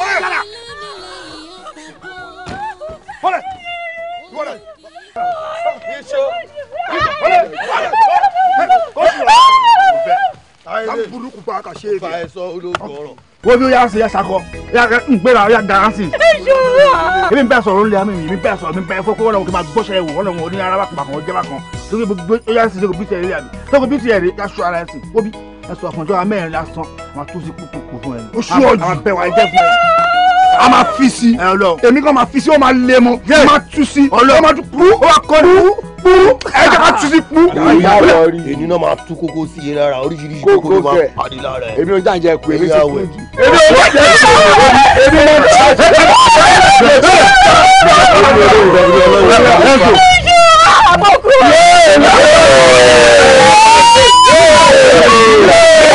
¡Fuera! ¡Fuera! ¡Fuera! burúkú pa ka ṣe é bẹ́ẹ̀. wo bí o yà ṣe yà sakọ n gbéra o yà dára sí. ebi n bẹ sọ̀rọ̀ olè mi mi bẹ sọ̀rọ̀ mi bẹ fọ kó wọn kò máa gbọsẹ ẹ wò wọn lọ́wọ́ ní araba kàmá kan jẹba kan tóbi gbogbo o yà ṣe ṣe kò bí tiẹ̀ rí àbí tóbi bí tiẹ̀ rí yà sọ ara ẹ sí wóbi ẹ sọ àfọ̀njọ́ amẹ́rin lásán wọn àtúnṣe kúkú fún ẹ o sú ọjì àwọn bẹ́ẹ̀ wà á jẹ́ fún ẹ. a máa fi si èmi kan máa fi si ó máa lé mọ ó máa tú si ó máa tú kú ó máa kọ́ ni kú ẹ jẹ́ ká tú sí kú. èyí náà máa tú kókó sí i lára oríṣiríṣi kókó ló máa pàdé lára ẹ. èmi ò já jẹ ku èmi sì kú. èmi ò wá jẹ ku èmi ò já jẹ ku. Yeah!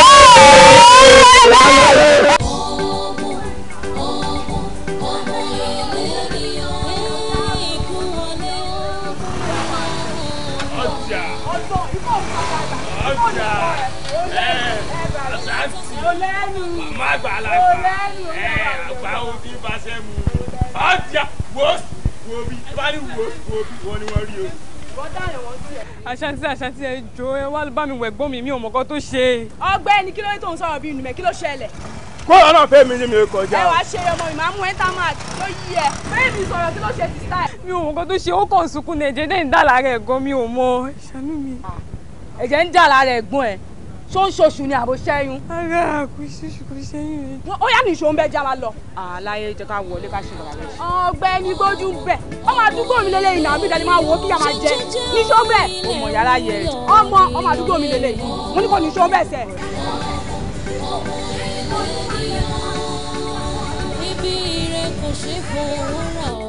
olẹ́nu màmá àgbàlagbà olẹ́nu ẹ àgbà òbí bá ṣe mu ọjà wo ni wọn rí o. Aṣántí aṣántí ẹ jọ ẹ wá bá mi wẹ̀ gbọ́n mi mi ò mọ̀kọ́ tó ṣe. Ọ̀gbẹ́ni kí ló dé tó ń sọ̀rọ̀ bí ìnùmẹ̀ kí ló ṣẹlẹ̀? kó lọ́nà fẹ́ mi ni mi kọjá. ẹ wàá ṣe ọmọ ìmáàmù entermark ló yí ẹ bẹ́ẹ̀ni sọ̀rọ̀ kí ló ṣe ti style. mi ò mọ nǹkan tó ṣe ó kàn sunkún ní ẹ̀jẹ̀ náà ń dà lára mi ò mọ ìṣàánú mi ah. ẹ̀jẹ̀ ń dà lára ẹ̀gbọ́n ẹ̀ ṣó ń ṣoṣù ni àbò ṣẹ́yún. ara kò ṣoṣù kò ṣẹ́yún rẹ. ó yà ní ìṣó ń bẹ já wa lọ. àlàyé jẹ ká wọlé ká ṣe ìgbà rẹ. ọ̀gbẹ́ni gbójú bẹ ọmọ àdúgbò mi lélẹyìn náà mi dání máa wò ó kí yà máa jẹ níṣó bẹ. ọmọ yàrá yẹ ẹ. ọmọ ọmọ àdúgbò mi lélẹyìn mo ní kò níṣó bẹ sẹ. ibi ire kò ṣe é fowó rà ó.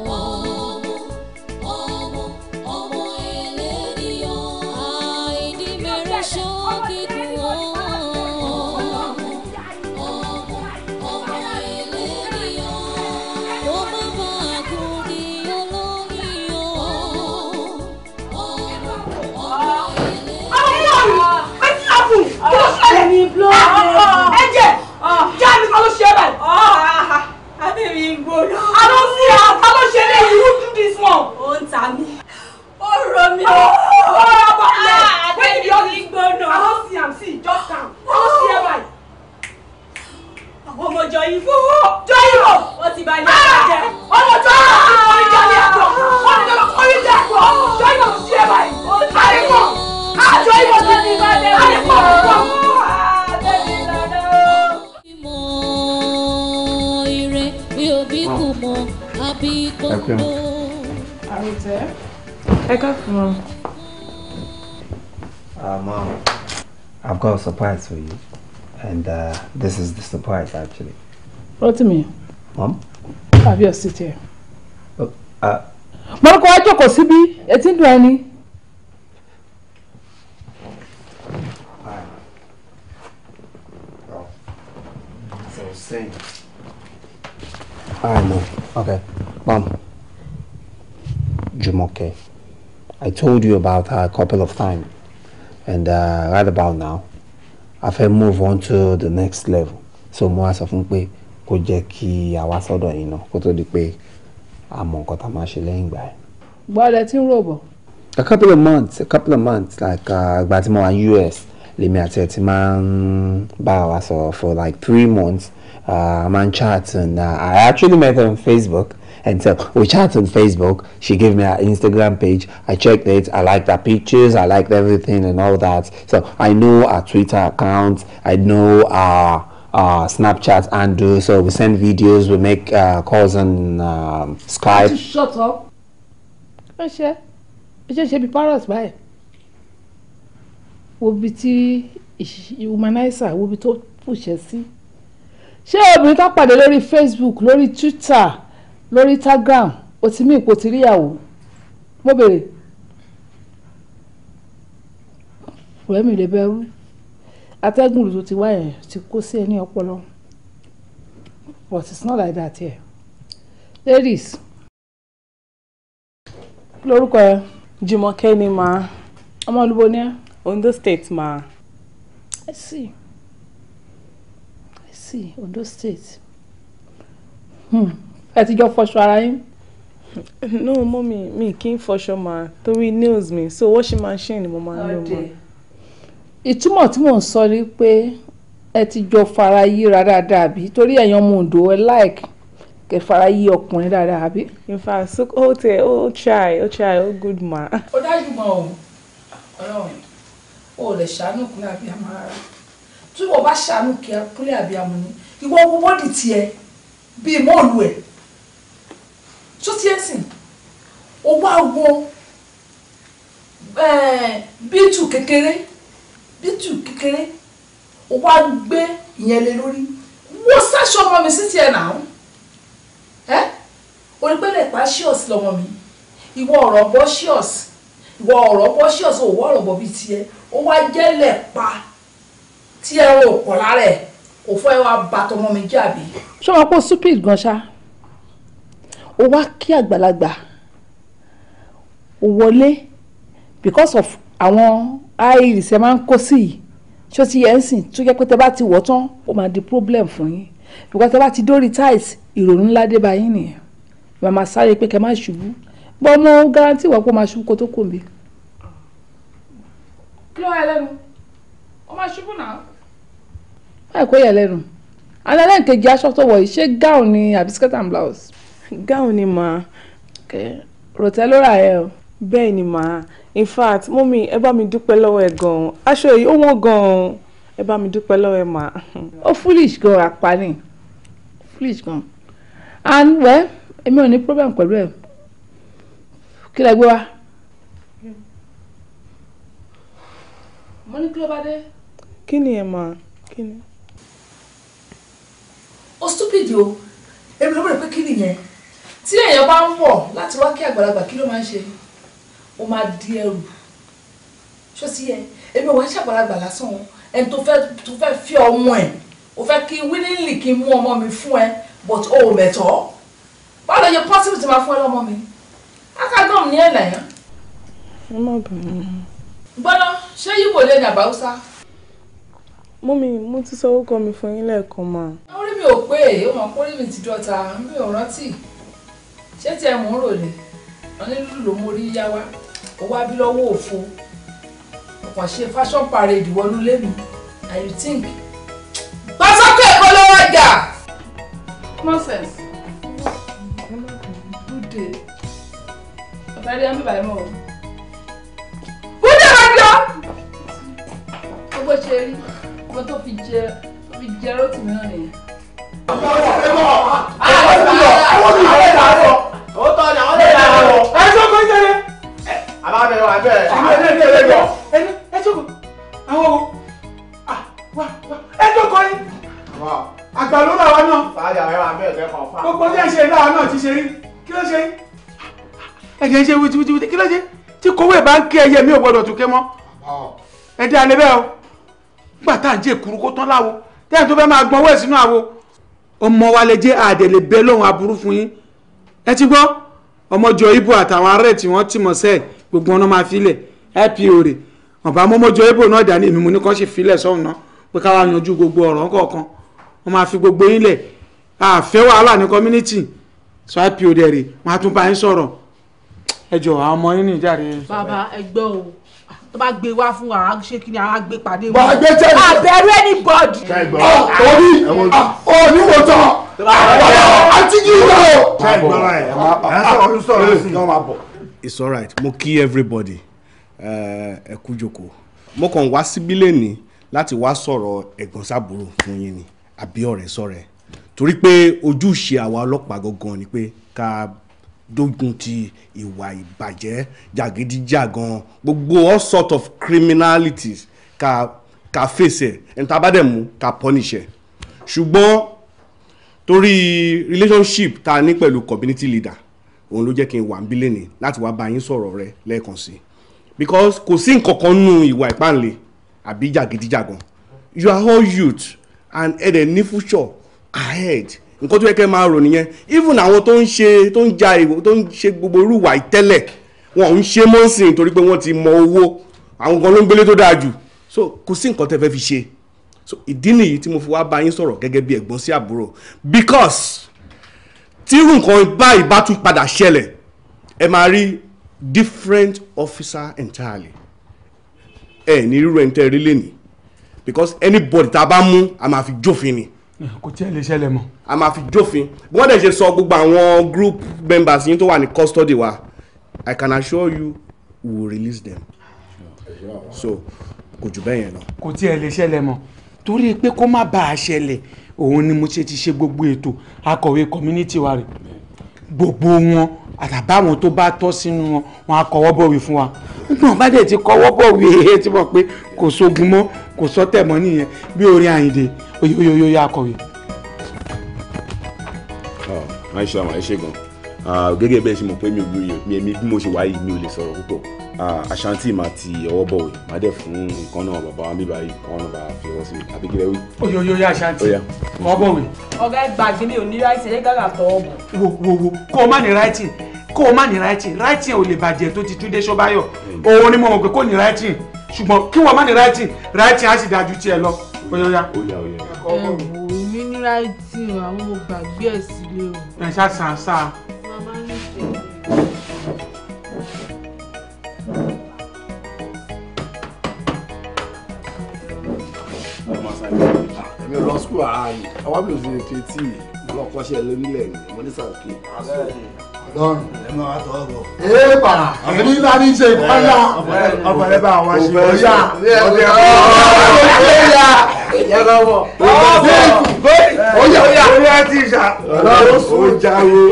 know. All about ah, that. When did all just calm. I don't see him. Àwọn ọmọ Joyful. Joyful. Wọ́n ti bá yẹn. Ẹ káàfin. Uh, Mom, I've got a surprise for you. And uh, this is the surprise, actually. What to me? Mom? Have your seat here. Oh, uh, uh, Mọ̀rọ̀kọ̀ wá jókòó síbí, etí ń dùn ẹni. All right, Mom. Okay. Mom. Jumoke. I told you about her a couple of times, and uh, right about now, I feel move on to the next level. So more as sọ fún pé kó jẹ́ kí àwa sọ́dọ̀ yín náà kó tó di pé a mọ nǹkan tá a machine laying by. ìgbà that gbọ́dọ̀ Robo? a couple of months a couple of months like uh, ìgbà tí mo US lèmi àti ẹ̀ ti máa ń for like three months uh, a chat and uh, I actually met her on Facebook and so we chat on Facebook. She gave me her Instagram page. I checked it. I liked her pictures. I liked everything and all that. So I know her Twitter account. I know her. Uh, Snapchat and do so we send videos we make uh, calls on um, Skype. shut up. ẹ ṣe ẹ ṣe ṣe bí parrot báyìí wo bi tí be told push tó pùṣẹ sí ṣé up tó the lórí Facebook lórí Twitter lórí instagram o ti mí ipò ti ríyàwó mo béèrè ọ̀rẹ́ mi lè bẹ̀rù atẹ́gùn lùtò ti wá ti kó sí ẹ ọpọlọ but it's not like that here ladies lórúkọ ẹ. Jùmọ̀kẹ́ ni màá. ọmọ olúbo ni ẹ. Ondo state màá. I see I see Ondo state. Hmm ẹ ti jọ fọṣọ ara yín. no mọ́mí mi kì í fọṣọ mà torí nails mi so washing machine ni mo máa ń lò mà. ìtumọ̀ tí mò ń sọ ni pé ẹ ti jọ fara yíra dáadáa àbí torí ẹ̀yàn ọmọ òǹdó ẹ láìkì kẹ fara yí ọkùnrin dáadáa àbí. in fact so ó tẹ ó try ó try ó good ma. ó dájú mọ́ o Ọlọ́run o lè ṣàánú kúnlẹ̀ abiyamọ rárá tí wọn bá ṣàánú kúnlẹ̀ abiyamọ ni ìwọ owó bọ́dì tiẹ̀ bíi mọ́ọ̀lù ẹ̀ ṣó ti ẹ̀ sìn ó wá wo bítù kékeré bítù kékeré ó wá gbé ìyẹn lé lórí wo sáṣọ ọmọ mi sí tiẹ̀ náà ẹ́ onípẹ̀lẹ̀ pa ṣíọ̀sì lọ́mọ mi ìwọ ọ̀rọ̀ bọ́ ṣíọ̀sì ìwọ ọ̀rọ̀ bọ́ ṣíọ̀sì òwò ọ̀rọ̀ bọ̀ bíi tiẹ̀ o wá jẹ́lẹ̀ pa tí ẹran ò pọ̀ lára ẹ̀ òfò ẹ wá bàtọ́ ọmọ mi jáde. ṣé wọn kó stupid gan ṣá ó wá kí àgbàlagbà ó wọlé because of àwọn iris ẹ máa ń kó sí yìí ṣó ti yẹ ń sìn tó jẹ́ pé tẹ bá ti wọ̀ tán ó máa di problem fún yín because tẹ bá ti dórí tiles ìrònú ńlá dé bá yín nìyẹn màmá sáré pé kẹ má ṣubú bọ́ mo guarantee wọ́n pé ó máa ṣubú kó tó kò mí. kí ló wá lẹ́nu ó máa ṣubú náà. báyìí kó yẹ lẹ́nu alẹ́ lẹ́yìn kejì aṣọ tó wọ̀ yìí ṣé gown ni àbí skirt and blouse gáwọn ni màá rọ̀tẹ́lórà ẹ o bẹ́ẹ̀ ni màá in fact mọ́mí ẹ bá mi dúpẹ́ lọ́wọ́ ẹ gan-an aṣọ yìí ó wọ́n gan-an ẹ bá mi dúpẹ́ lọ́wọ́ ẹ màá. ó foolish gan apani foolish gan and well èmi ò ní problem pẹ̀lú ẹ kí lẹ gbé wa. mo ní kí ló bá dé. kí ni ẹ máa kí ni. o stupid o èmi ló bẹ̀rẹ̀ pé kí nìyẹn tí èèyàn bá ń wọ̀ láti wá kí àgbàlagbà kí ló máa ń ṣe ó máa di ẹrù ṣó sí yẹ èmi ò wá ṣàgbàlagbà lásán o ẹni tó fẹ́ tó fẹ́ fi ọmọ ẹ̀ o fẹ́ kí willingly kí n mú ọmọ mi fún ẹ but o ò mẹ̀tọ́ báwo ló yẹ possible ti máa fún ẹ lọ́mọ mi akágọ́m ní ẹ̀nà yẹn. ẹ má bẹ̀rẹ̀. gbọ́dọ̀ ṣé yíbo lè ní àbáwúsá. mú mi mo ti sọ orúkọ mi fún yín lẹ́ẹ̀kan mà. orí mi ò pé èèyàn mọ̀ pé ti dọ̀ta mi ò rántí ṣé tí ẹ mò ń rò ní wọn ní lùlù ló mórí yá wá ó wá bí lọ́wọ́ òfo ọ̀pọ̀ ṣe fashion parade wọnú lẹ́nu and you think pásọkọ èkó ló wá jà. nonsense good day ọ̀tá ẹ̀rí ẹ̀ ń bíbá ẹ̀ mọ́ o. bó ṣe rí mo tó fi jẹ fi jẹ rótì mìíràn nìyẹn. àwọn ọmọ ẹgbẹ́ wọn àwọn ọmọ ẹgbẹ́ wọn àwọn ọmọ ẹgbẹ́ wọn. bàbá mi wà bẹ́ẹ̀. àwọn ẹni ẹni ẹni ẹni ẹ jókòó àwọn o wà wà ẹ jókòó yín. àgbà ló làwa náà. báyà ẹ wà bẹ́ẹ̀ bẹ́ẹ̀ kàn fún wa. gbogbo bí ẹ ṣe láwa náà ti ṣe rí kí ló ṣe yín. ẹ̀jẹ̀ ń ṣe wìtìwìtì kí ló ṣe tí kówó ìbá ń ké ẹyẹ mi ò gbọdọ̀ tún ké mọ́. ẹ dá lé bẹ́ẹ̀ o nígbà tá à ń jẹ́ èkúrú kó tán láwo tẹ́yìn tó fẹ́ máa gbọ́n owó ẹ̀ sínú àwo ọmọ wa lè jẹ́ àdèlè bẹ́ẹ̀ lóhun aburú fún yín ẹ ti gbọ́ ọmọ jọ ibo àtàwọn ará tí wọ́n tì mọ́ sẹ́ẹ̀ gbogbo wọn náà máa filẹ̀ ipo rè ọ̀bà mọ́mọ́jọ ibo náà dání èmi mo ní kọ́ sì filẹ̀ sọ́hun náà pé káwa yanjú gbogbo ọ̀rọ̀ kọ̀ọ̀kan wọ́n máa fi gbogbo yín lẹ̀ àfẹ́ wàhálà ní community sọ ipo rẹ̀ rè wọ́n á tún bá yín sọ̀rọ̀ ẹ jọ àwọn ọmọ yín nìjà rè. bàbá ẹgbẹ́ o tó bá gbé wá fún wa ṣé kí ni àwọn agbé pàdé wọn. bàgbé tẹ̀lé. àbẹ̀rù ẹni bọ́ọ̀dù. orí orí mo tán àti yíyá o. ẹ máa bọ̀ it's alright mo kí everybody eh, ẹ kú jókòó mo kàn wá síbí lẹ́nìí láti wá sọ̀rọ̀ ẹ̀gbọ́n sábúrò fún yín ni àbí ọ̀rẹ́ sọ̀rẹ́ torí pé ojúṣe àwa ọlọ́pàá gangan ni pé ká dógun ti ìwà ìbàjẹ́ jàgídíjàgan gbogbo all sort of criminalities ka ka fèsì ẹ̀ níta bá dẹ̀ mú ka punish ẹ̀ ṣùgbọ́n torí relationship ta ní pẹ̀lú community leader òun ló jẹ́ kí n wà ń bí lẹ́nìí láti wá bá yín sọ̀rọ̀ rẹ lẹ́ẹ̀kan sí i because kò sí nǹkan kan nù ìwà ìpáǹle àbí jàgídíjàgan you are all youth and ẹ̀dẹ̀ ní future ahead nǹkan tó yẹ kẹ́ máa rò nìyẹn even àwọn tó ń ṣe tó ń ja ìwò tó ń ṣe gbogbo irú ìwà ìtẹ́lẹ̀ wọn ò ń ṣe mọ́sìn torí pé wọ́n ti mọ owó àwọn kan ló ń gbélé tó dáa jù so kò sí nǹkan tẹ́ fẹ́ fi ṣe so ìdí nìyí tí mo fi wá bá yín sọ̀rọ̀ gẹ́gẹ́ bí ẹ̀gbọ́n sí àbúrò because tírú nǹkan báyìí bá tún padà ṣẹlẹ̀ ẹ máa rí different officer entirely ẹ ní rírọ ẹni tẹ rí lẹ́nìí because anybody tá a bá mú a máa fi jófin ni. kò tí ẹ lè ṣẹlẹ̀ mọ́. a máa fi jófin bí wọ́n dẹ̀ ṣe sọ gbogbo àwọn group members yín tó wà ní custody wa i can assure you we will release them so kò jù bẹ́ẹ̀ yẹn lọ. kò tí ẹ lè ṣẹlẹ̀ mọ́ torí pé kó má bàa ṣẹlẹ̀ òun ni mo ṣe ti ṣe gbogbo ètò akọ̀wé community wa rẹ̀ gbogbo wọn àtàbáwọn tó bá tọ́ sínú wọn wọn á kọwọ́ bọ̀wé fún wa gbọ́n bá dẹ̀ ti kọwọ́ bọ̀wé ẹ ti mọ̀ pé kò sógun mọ́ kò sọ́tẹ̀ mọ́ nìyẹn bí orin àyìndé oyoyoyo akọ̀wé. máa ah, ṣe àwọn ẹṣẹ gan ah, gẹ́gẹ́ bẹ́ẹ̀ ṣe mọ̀ pé mi ò gbìyànjú mi bí mo ṣe wáyé mi ò lè sọ̀rọ̀ púpọ̀ Ashanti máa ti ọwọ́ bọ̀wé máa dẹ̀ fún nǹkan náà bàbá wa bíbá yìí kọ́ náà bá fi ọwọ́ sí i àbí kílẹ̀ wí. oyo oyo ya Ashanti ọwọ́ bọ̀wé. ọ̀gá ẹ gbàgbé mi ò ní ráìtì ẹ gàgà tọ́ ọ wo wo wo kó o má ní ráìtì kó o má ní ráìtì ráìtì ò lè bàjẹ́ tó ti Túndé Ṣọ́báyọ̀ hmm. òun ni mo mọ̀ pé kó ní ráìtì ṣùgbọ́n kí wọ́n má ní ráìtì ráìtì á sì dájú tiẹ̀ lọ oyo ya. ẹ wò ó ní ráìtì àwọn mo èmi ò lọ sukùl ara yìí àwọn mi ò fi ètò etí yìí lọ kọ́ṣẹ́ lórílẹ̀ yìí mo ní sàkè. lọ́rùn ẹ máa tọ́ bọ̀. ee bà èmi ńlá ní ṣe ìpàdà ọ̀pọ̀lọpọ̀ bá àwọn ṣe ọ̀yà ọ̀yà ọ̀yà yàrá wọ̀. ọ̀yà ọ̀yà ọ̀yà ti ṣà. ọ̀yà ó jáwó.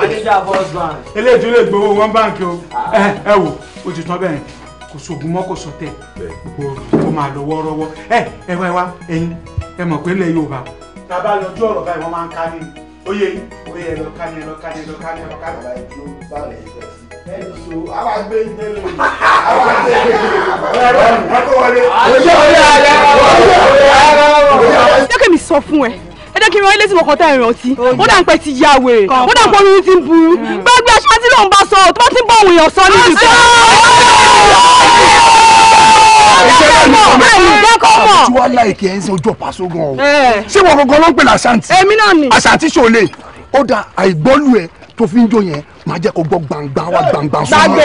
adéjà bọ́s bank. eléjú lè gbowó one bank o ẹ wò ó ti tán bẹ́ẹ̀ kò sóògùn mọ́ kò sọ̀tẹ̀ kò máa lọ wọ́ọ́rọ́wọ́ ẹ ẹ wá ẹ wá ẹyin ẹ mọ̀ pé ilẹ̀ Yorùbá tá a bá lọ jọ́ ọ̀rọ̀ báyìí wọ́n máa ń ká ní oyè oyè ẹ lọ ká ní ẹ lọ ká ní ẹ lọ ká ní ẹ lọ ká ní. jẹ́ kí mi sọ fún ẹ ẹ jẹ́ kí n rán ilé tí mo kàn tá ẹ̀ rántí ó dà ń pẹ́ ti ya wèrè ó dà ń pọ́n mi ti ń burú pé mm ṣáàtì lòun bá sọ tó ti ń bọ̀ òun yàn sọ níbi sọ. Tiwa láìkí ẹ̀ ń sin ojú ọ̀pá sógun o. Ṣé wọn gangan ló ń pè ní Ashanti? Èmi náà ni. Ashanti ṣòlè. Ó da àìgbọ́lù ẹ̀ tó fi ń jó yẹn máa jẹ́ kó gbọ́ gbangba wá gbangba sọ́mọ́.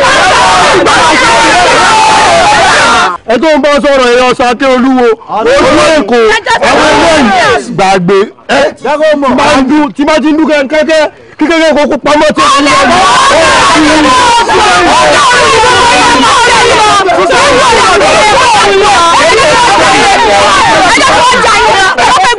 ẹ tó ń bá sọ̀rọ̀ ẹ ọ̀sán àti olúwo olú èkó ọ̀rọ̀ ẹ̀yìn gbàgbé ẹ máa ń dún tí máa ti ń dún kẹ́kẹ́ kékeré kókó pamọ́ tí ó ń lọ. ọ̀dọ́ ọ̀dọ́ ọ̀dọ́ ọ̀dọ́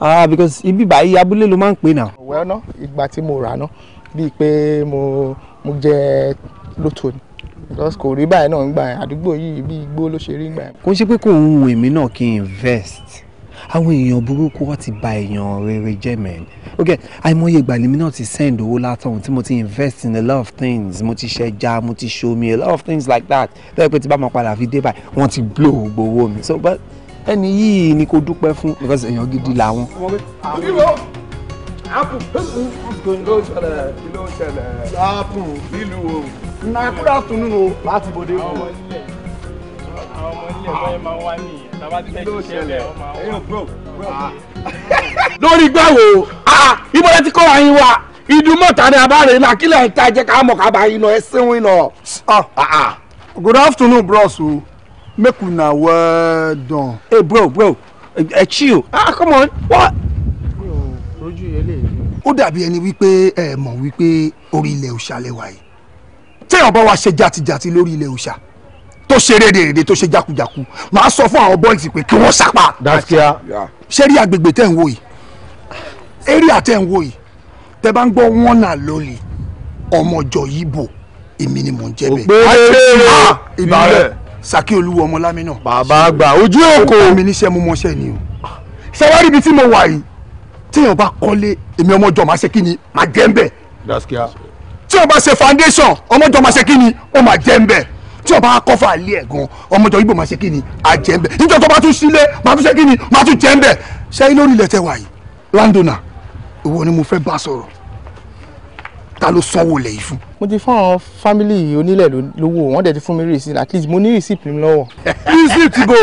ah because ibi báyìí abúlé ló máa ń pè náà. ọ̀wẹ́ ọ̀nà ìgbà tí mo rà náà bíi pé mo mo jẹ lóto ni because kò rí báyìí náà ń gbà yẹn àdúgbò yìí bí igbó ló ṣe rí gbà yẹn. kò ṣe pé kò ń wù èmi náà kí n invest àwọn èèyàn burúkú wọn ti ba èèyàn rere jẹ́ mẹ́rin ok àìmọye ìgbà lèmi náà ti send owó látọ̀hún tí mo ti invest in a lot of things mo ti ṣẹja mo ti me a lot of things like that tẹ́lẹ̀ pé tí bá máa padà fi dé báyìí wọ́n ti blow gbowó mi so but ẹni yìí ni kò dúpẹ́ fún because èèyàn gidi làwọn. apple gbòǹdò ṣẹlẹ̀ kí ló ṣẹlẹ̀ apple nílùú o. nàkúrà tunu o láti bòde o. ọmọ ilé ẹ̀kọ́ ọmọ ibo lẹ ti kọ́ wa ìdúmọ̀ta ni àbáre náà kí lẹ́yìn tá a jẹ́ ká mọ̀ ká bá yín lọ ẹ sẹ́wọ̀n lọ. Ah, ah, ah. good afternoon bros o. make una well done. hey bro bro ẹ chill ah come on what. mi ò rojú eléyìí. ó dàbí ẹni wípé ẹ mọ̀ wípé orí ilẹ̀ òòṣà lẹ́wà yìí téèyàn bá wa ṣe jàtijàti lórí ilẹ̀ òòṣà tó ṣe rédèrèdè tó ṣe jákujàku màá sọ fún àwọn boys pé kí wọ́n ṣàpá. dákíá. ṣé rí agbègbè tẹ́ ń wò yìí area tẹ́ ń wò yìí tẹ́ bá ń gbọ́ wọ́n náà lólè ọmọjọ yìí bò èmi ni mò ń jẹ́ bẹ́ẹ̀. òpèrè ah, ìbàrẹ̀ sàkí olúwo ọmọlámi náà. bàbá àgbà ojú òkò. mi níṣẹ́ mú mọ́ṣẹ́ ni o ṣàwárí ibi tí mo wà yìí téèyàn bá kọ́lé èmi ọmọjọ máa ṣe kí ni máa jẹ́ ń bẹ̀. tí wọ́n bá ṣe foundation ọmọjọ máa ṣe kí ni ó máa jẹ́ ń bẹ̀ tí wọ́n bá kọ́fà alẹ́ ẹ̀ gan ọmọjọ máa ṣe kí ni á jẹ́ ń bẹ̀ níjọ́ tó bá tún sílé máa tún ṣe kí ni máa tún jẹ́ ń bẹ̀ ṣẹ́yìn lórí ilẹ̀ tẹ́ yìí landowner ìwọ ni mo fẹ́ bá sọ̀rọ̀ ta ló sanwó lẹ̀ yìí fún. mo ti fáwọn fámìlì onílẹ̀ lówó wọn dẹ̀ ti fún mi receipt at least mo ní receipt mi lọ́wọ́. receipt go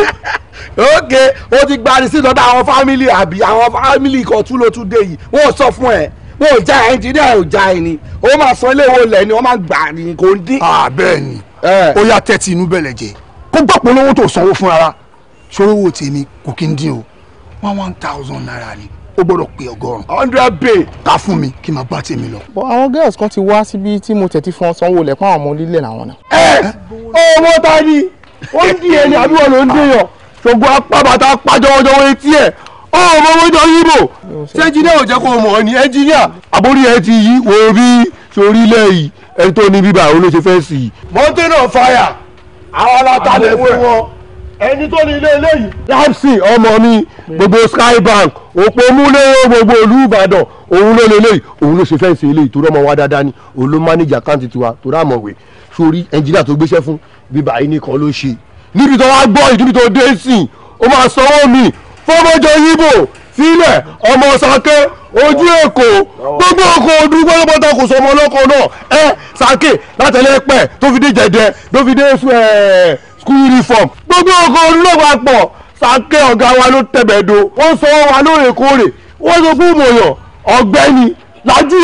ok o ti gba receipt lọ́dọ̀ àwọn fámìlì àbí àwọn fámìlì kan tún ló tún dé yìí wọ́n sọ fún ẹ̀ wọ́n ò já ẹ̀ ò já ẹ̀ ni ó máa san ilé owó lẹ̀ ni wọ́n máa gbà ní kò ń dín. bẹ́ẹ̀ ni ó yà tẹ́tí inú bẹ̀lẹ̀ jẹ kó gbọ́ polówó tó sanwó fún ara ṣòro wo tèmi kò kí ń dín o one one thousand naira ni ó gbọ́dọ̀ pé ọgọ́rùn. hundred bay. ká fún mi kí n máa bá tèmi lọ. bọ àwọn girls kan ti wá síbi tí mo tẹ̀tí fún ọ sanwó lẹ̀kọ́ àwọn ọmọ onílẹ̀ làwọn náà. ẹ owó ta ni ó ń di ẹni àbí wọn ló ń dèèyàn ṣògbọ́n apábàtà pàjọwọ́jọwọ́ etí ẹ̀ ó mọ owó jọ yíbò ṣé ẹnjìníà ò jẹ́ kó mọ̀ ọ́ ni ẹnjìníà àbórí ẹ ti yí wo bí sórí ilẹ̀ yìí ẹni tó ní bíbá olóṣèfẹ́ sí i. mọ́tò náà fàyà àwọn alátalẹ̀ fún wọn ẹni tó ní ilé eléyìí. láìsí ọmọ mi gbogbo sky bank òpómúlé gbogbo olú ìbàdàn òun ló lélẹ́yìí òun ló ṣe fẹ́ǹsì eléyìí torí ọmọ wa dáadáa ni òun ló mánéjà káǹtì tiwa torí àmọ̀wé sórí ẹnjìnìà tó gbéṣẹ́ fún bíbá yìí nìkan ló ṣe níbi tó wá gbọ́ ìdíbi tó dé sí ó máa sanwó mi fọmọjọ yíbò sílẹ̀ ọmọ sake ojú èkó gbogbo ọkọ ojú gbọdọgbọdọ kò sọmọ ọlọkọ náà ẹ sake látẹlẹpẹ tó fi dé jẹjẹ tó fi dé ẹ school uniform gbogbo ọkọ olóògbà pọ̀ sàkẹ́ ọ̀gá wa ló tẹ̀bẹ̀ do wọ́n sọ wa lóòrèkóòrè wọ́n sọ fún ìmọ̀yàn ọ̀gbẹ́ni lájú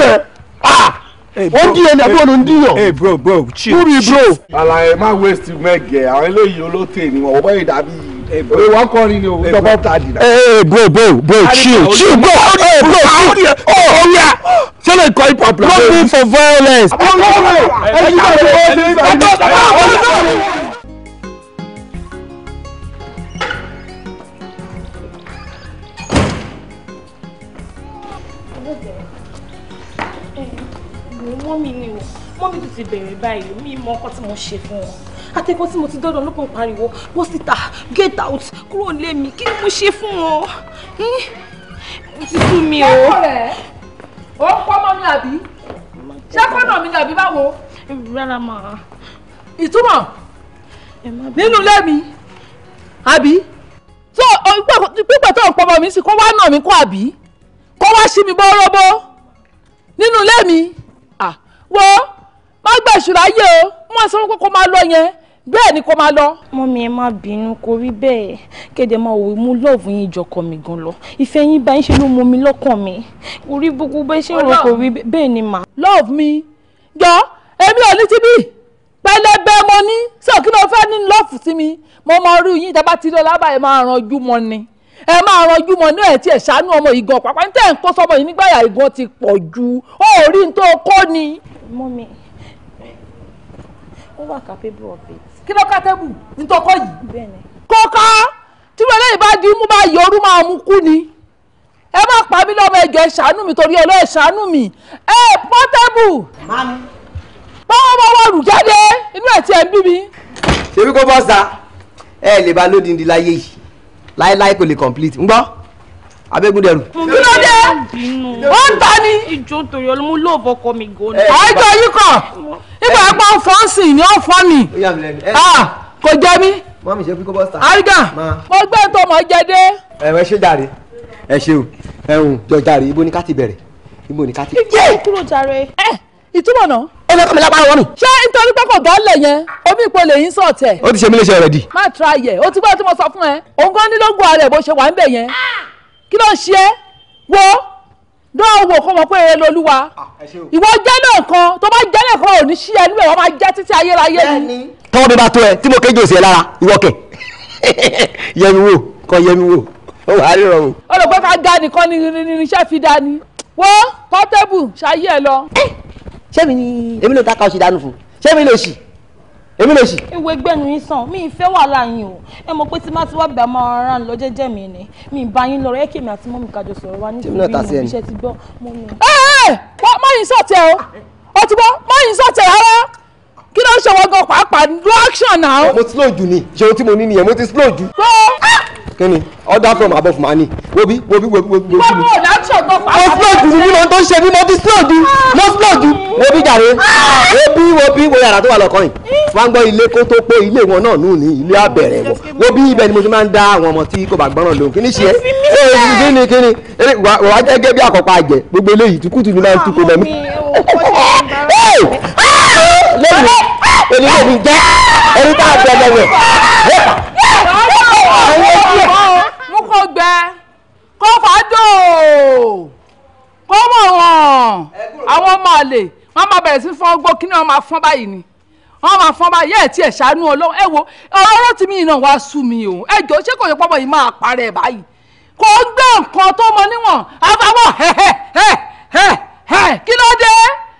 ó ń ní àbúrò ló díyàn. bro bro chill kúrì bro. alaye má waste mẹ́gẹ̀ àwọn eléyìí olóòtẹ̀ ni wọ́n bọ́yìí dàbí èwe wọn kọrin ni o dọ́gbọ́n ta dì náà. ẹ bro bro bro chill chill bro ẹ bro chill ọ ọya sọlá ikọ̀ hip no room for violence. mọ́mí ni o mọ́mí tó ti bẹ̀rẹ̀ báyìí mi mọ ọkọ tí mo ṣe fún wọn àtẹkọ tí mo ti dọ́dọ̀ ló kàn pariwo bọ́ síta get out kúrò lé mi kí ni mo ṣe fún wọn hmm? mo ti sún mi o. ṣé ọ̀rẹ́ ò ń pọ́ mọ́ mi àbí ṣé fọ́nà mi àbí báwo. rárá mà á. ìtumọ̀ nínú ilé mi àbí tó pípẹ́ tó ń pọ́ mọ́ mi sí kó wá nà mí kó àbí kó wá sí mi bọ́rọ́bọ́ nínú ilé mi wo má gbà ìṣúra yé o mo sọ pé kó máa lọ yẹn bẹ́ẹ̀ ni kó máa lọ. mọ́mí ẹ má bínú kò rí bẹ́ẹ̀ kéde máa wò mú love yín jọkọ̀ mi gan lọ ìfẹ́ yín bá yín ṣe ló mú mi lọ́kàn mi orí gbogbo bẹ́ẹ̀ ṣe ń rò kò rí ni mà. love mi jọ èmi ò ní tíbí pẹlẹbẹ mo ní So kí ló fẹ́ ní lọ́ọ̀fù sí mi mo mọ orí yín tá a bá ti lọ lábàá ẹ máa ranjú mọ́ ni ẹ máa ranjú mọ náà ẹ tiẹ̀ ṣàánú ọmọ yìí pàpà ní tẹ̀ ń kó sọmọ yìí nígbà yà ti pọ̀ ju ó tó kọ́ ni. mọ́mi ó wà capable of it. kí ló ká tẹ́bù ní tó kọ́ yìí. kóká tí wọn lẹ́yìn bá di mú bá yọrú máa mú kú ni ẹ má pa mí lọ́mọ ẹjọ́ ẹ ṣàánú mi torí ọlọ́ ẹ ṣàánú mi ẹ pọ́tẹ́bù. mami. pọ́wọ́ wọ́wọ́ rù jáde inú ẹ̀ tiẹ̀ ń bí mi. ṣebí kó bọ́ sa ẹ lè ba lódìndín yìí láéláé kò lè complete ń gbọ́ abégúndẹrù. kílódé ó ń ta ni. ìjọ torí olómú ló bọkọ mi gan àìjọ yìí kọ ibà ẹ̀pọ̀ ń fọ́ sí ni ó fọ́ mi ah, kò jẹ mí. mọ mi ṣe kí kó bọ́ star. àríga mo gbé tó mọ jẹ dé. ẹ ẹ ṣe jàre ẹ ṣeun ẹ ń jọ jàre ibo ni ká ti bẹ̀rẹ̀ ibo ni ká ti. jẹ́ ìkúrò jàre. ẹ eh! ìtumọ̀ náà. ó fẹ́ kọ́ mi lápá lọ́wọ́ mi. ṣé nítorí pé kò bọ́ọ̀lẹ̀ yẹn omi ìpò lè yín sọ̀tẹ̀. ó ti ṣe mí léṣe rẹ̀ di. má tra yẹ o ti gbọ́ tí mo sọ fún ẹ òun gan nílógún ara ẹ̀ bó ṣe wà ń bẹ̀ yẹn kí ló ń ṣe é wo dọ́ọ̀ wò kó mọ̀ pé èrè lolúwa ah, ìwọ jẹ́ náà kan tó bá jẹ́ náà kan ò ní ṣí ẹ níbẹ̀ wọ́n máa jẹ́ títí ayérayé ni. tọ́wọ́ mi bá tó ẹ tí mo kéjì òsì ẹ lára ìwọ kẹ yẹmi wò kọ yẹmi wò ó wà á rí rọrùn. ó lọ pé ká ga nìkan ni irinṣẹ́ fi dání wo pọ́tẹ́bù ṣayé ẹ lọ ṣebí ni èmi ló ta ká ọṣì dànù fún ṣebí ló si. èmi ló ṣì. ìwé gbẹ̀nu yín sàn mi ìfẹ́ wà láàyè o ẹ mọ̀ pé tí má ti wá bẹ̀ máa ara ń lọ jẹ́jẹ́ mi ni mi ìbá yín lọ rẹ́ kèmi àti mọ́mí kájọ sọ̀rọ̀ wa nítorí mi iṣẹ́ ti gbọ́ mọ́ mi. ẹ ẹ wọ́n mọ́yìn sọ̀tẹ̀ o ó ti bọ́ mọ́yìn sọ̀tẹ̀ rárá kí ló ń ṣe wọ́gàn pàápàá do action now. mo ti slow jù ni ṣe ohun tí mo ní nìyẹn mo ti slow jù. kí ni order from above mani wobi wobi wobi wobi wobi. wọ́n mú ọ̀nà ṣògbọ́n pàápàá. mo flog ni mímọ tó ń ṣe mímọ ti flog mo flog. wo bí jàre wo bí wo bí wo yàrá tó wà lọ́kàn yìí máa ń gbọ́ ilé kó tó pé ilé wọn náà nù ní ilé àbẹ̀rẹ̀ wọ̀ wo bí ibẹ̀ ni mo ti máa ń dá àwọn ọmọ tí kò bá gbọ́ràn lòun kí ni ṣe é kí ni kí ni wà á gẹ́gẹ́ bí àkọ́pá àjẹ gbogbo eléyìí tukutu ni máa ń tukọ̀ mẹ́mí. lẹ́yìn èmi lè mi jẹ́ ẹni tá a bẹ̀rẹ̀ rẹ̀. mo kò gbẹ kó fàájò kó mọ̀ wọ́n àwọn ọmọ àlè wọ́n máa bẹ̀rẹ̀ sí fọ́n gbó kíní wọ́n máa fọ́n báyìí ni wọ́n máa fọ́n báyìí ẹ̀ tí ẹ̀ ṣàánú ọlọ́run ẹ wo ọ̀rọ̀ tí mi iná wá sú mi o ẹ jọ ṣé kò yẹ pọ́pọ́ yìí máa parẹ́ báyìí kò ń gbé nǹkan tó mọ níwọ̀n àfàwọ̀ kí ló dé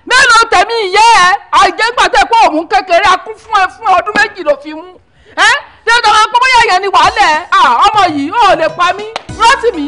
mélòó tẹ̀mí ìyá ẹ àìjẹ́gbàtẹ́ pé òun kékeré akú fún ẹ fún ọdún méjì ló fi mú ẹ ṣé tọ́ka pé bóyá yẹn ni wàhálẹ̀ ọmọ yìí ó lè pa mí rántí mi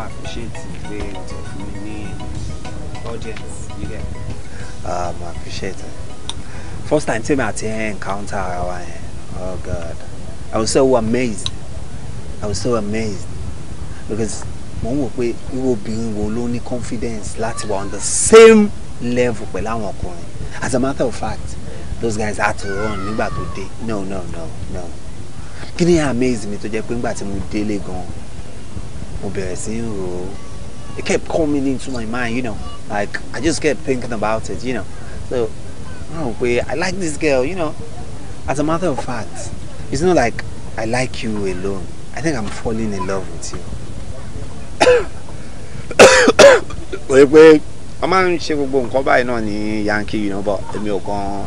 máa appreciate pé o ti you get. Uh, mo appreciate it. First time tí mi àti ẹ encounter ara wa oh God I was so amazed I was so amazed because mo ń wò pé irú obìnrin wo confidence láti wà on the same level pẹ̀lú àwọn as a matter of fact those guys had to run nígbà tó dé no no no no kí ni amaze me tó jẹ́ pé nígbà tí mo mo bẹ̀rẹ̀ sí ń it kept coming into my mind you know like I just kept thinking about it you know so I don't I like this girl you know as a matter of fact it's not like I like you alone I think I'm falling in love with you. Wait, wait. I'm not sure ṣe gbogbo nǹkan báyìí yankee you know but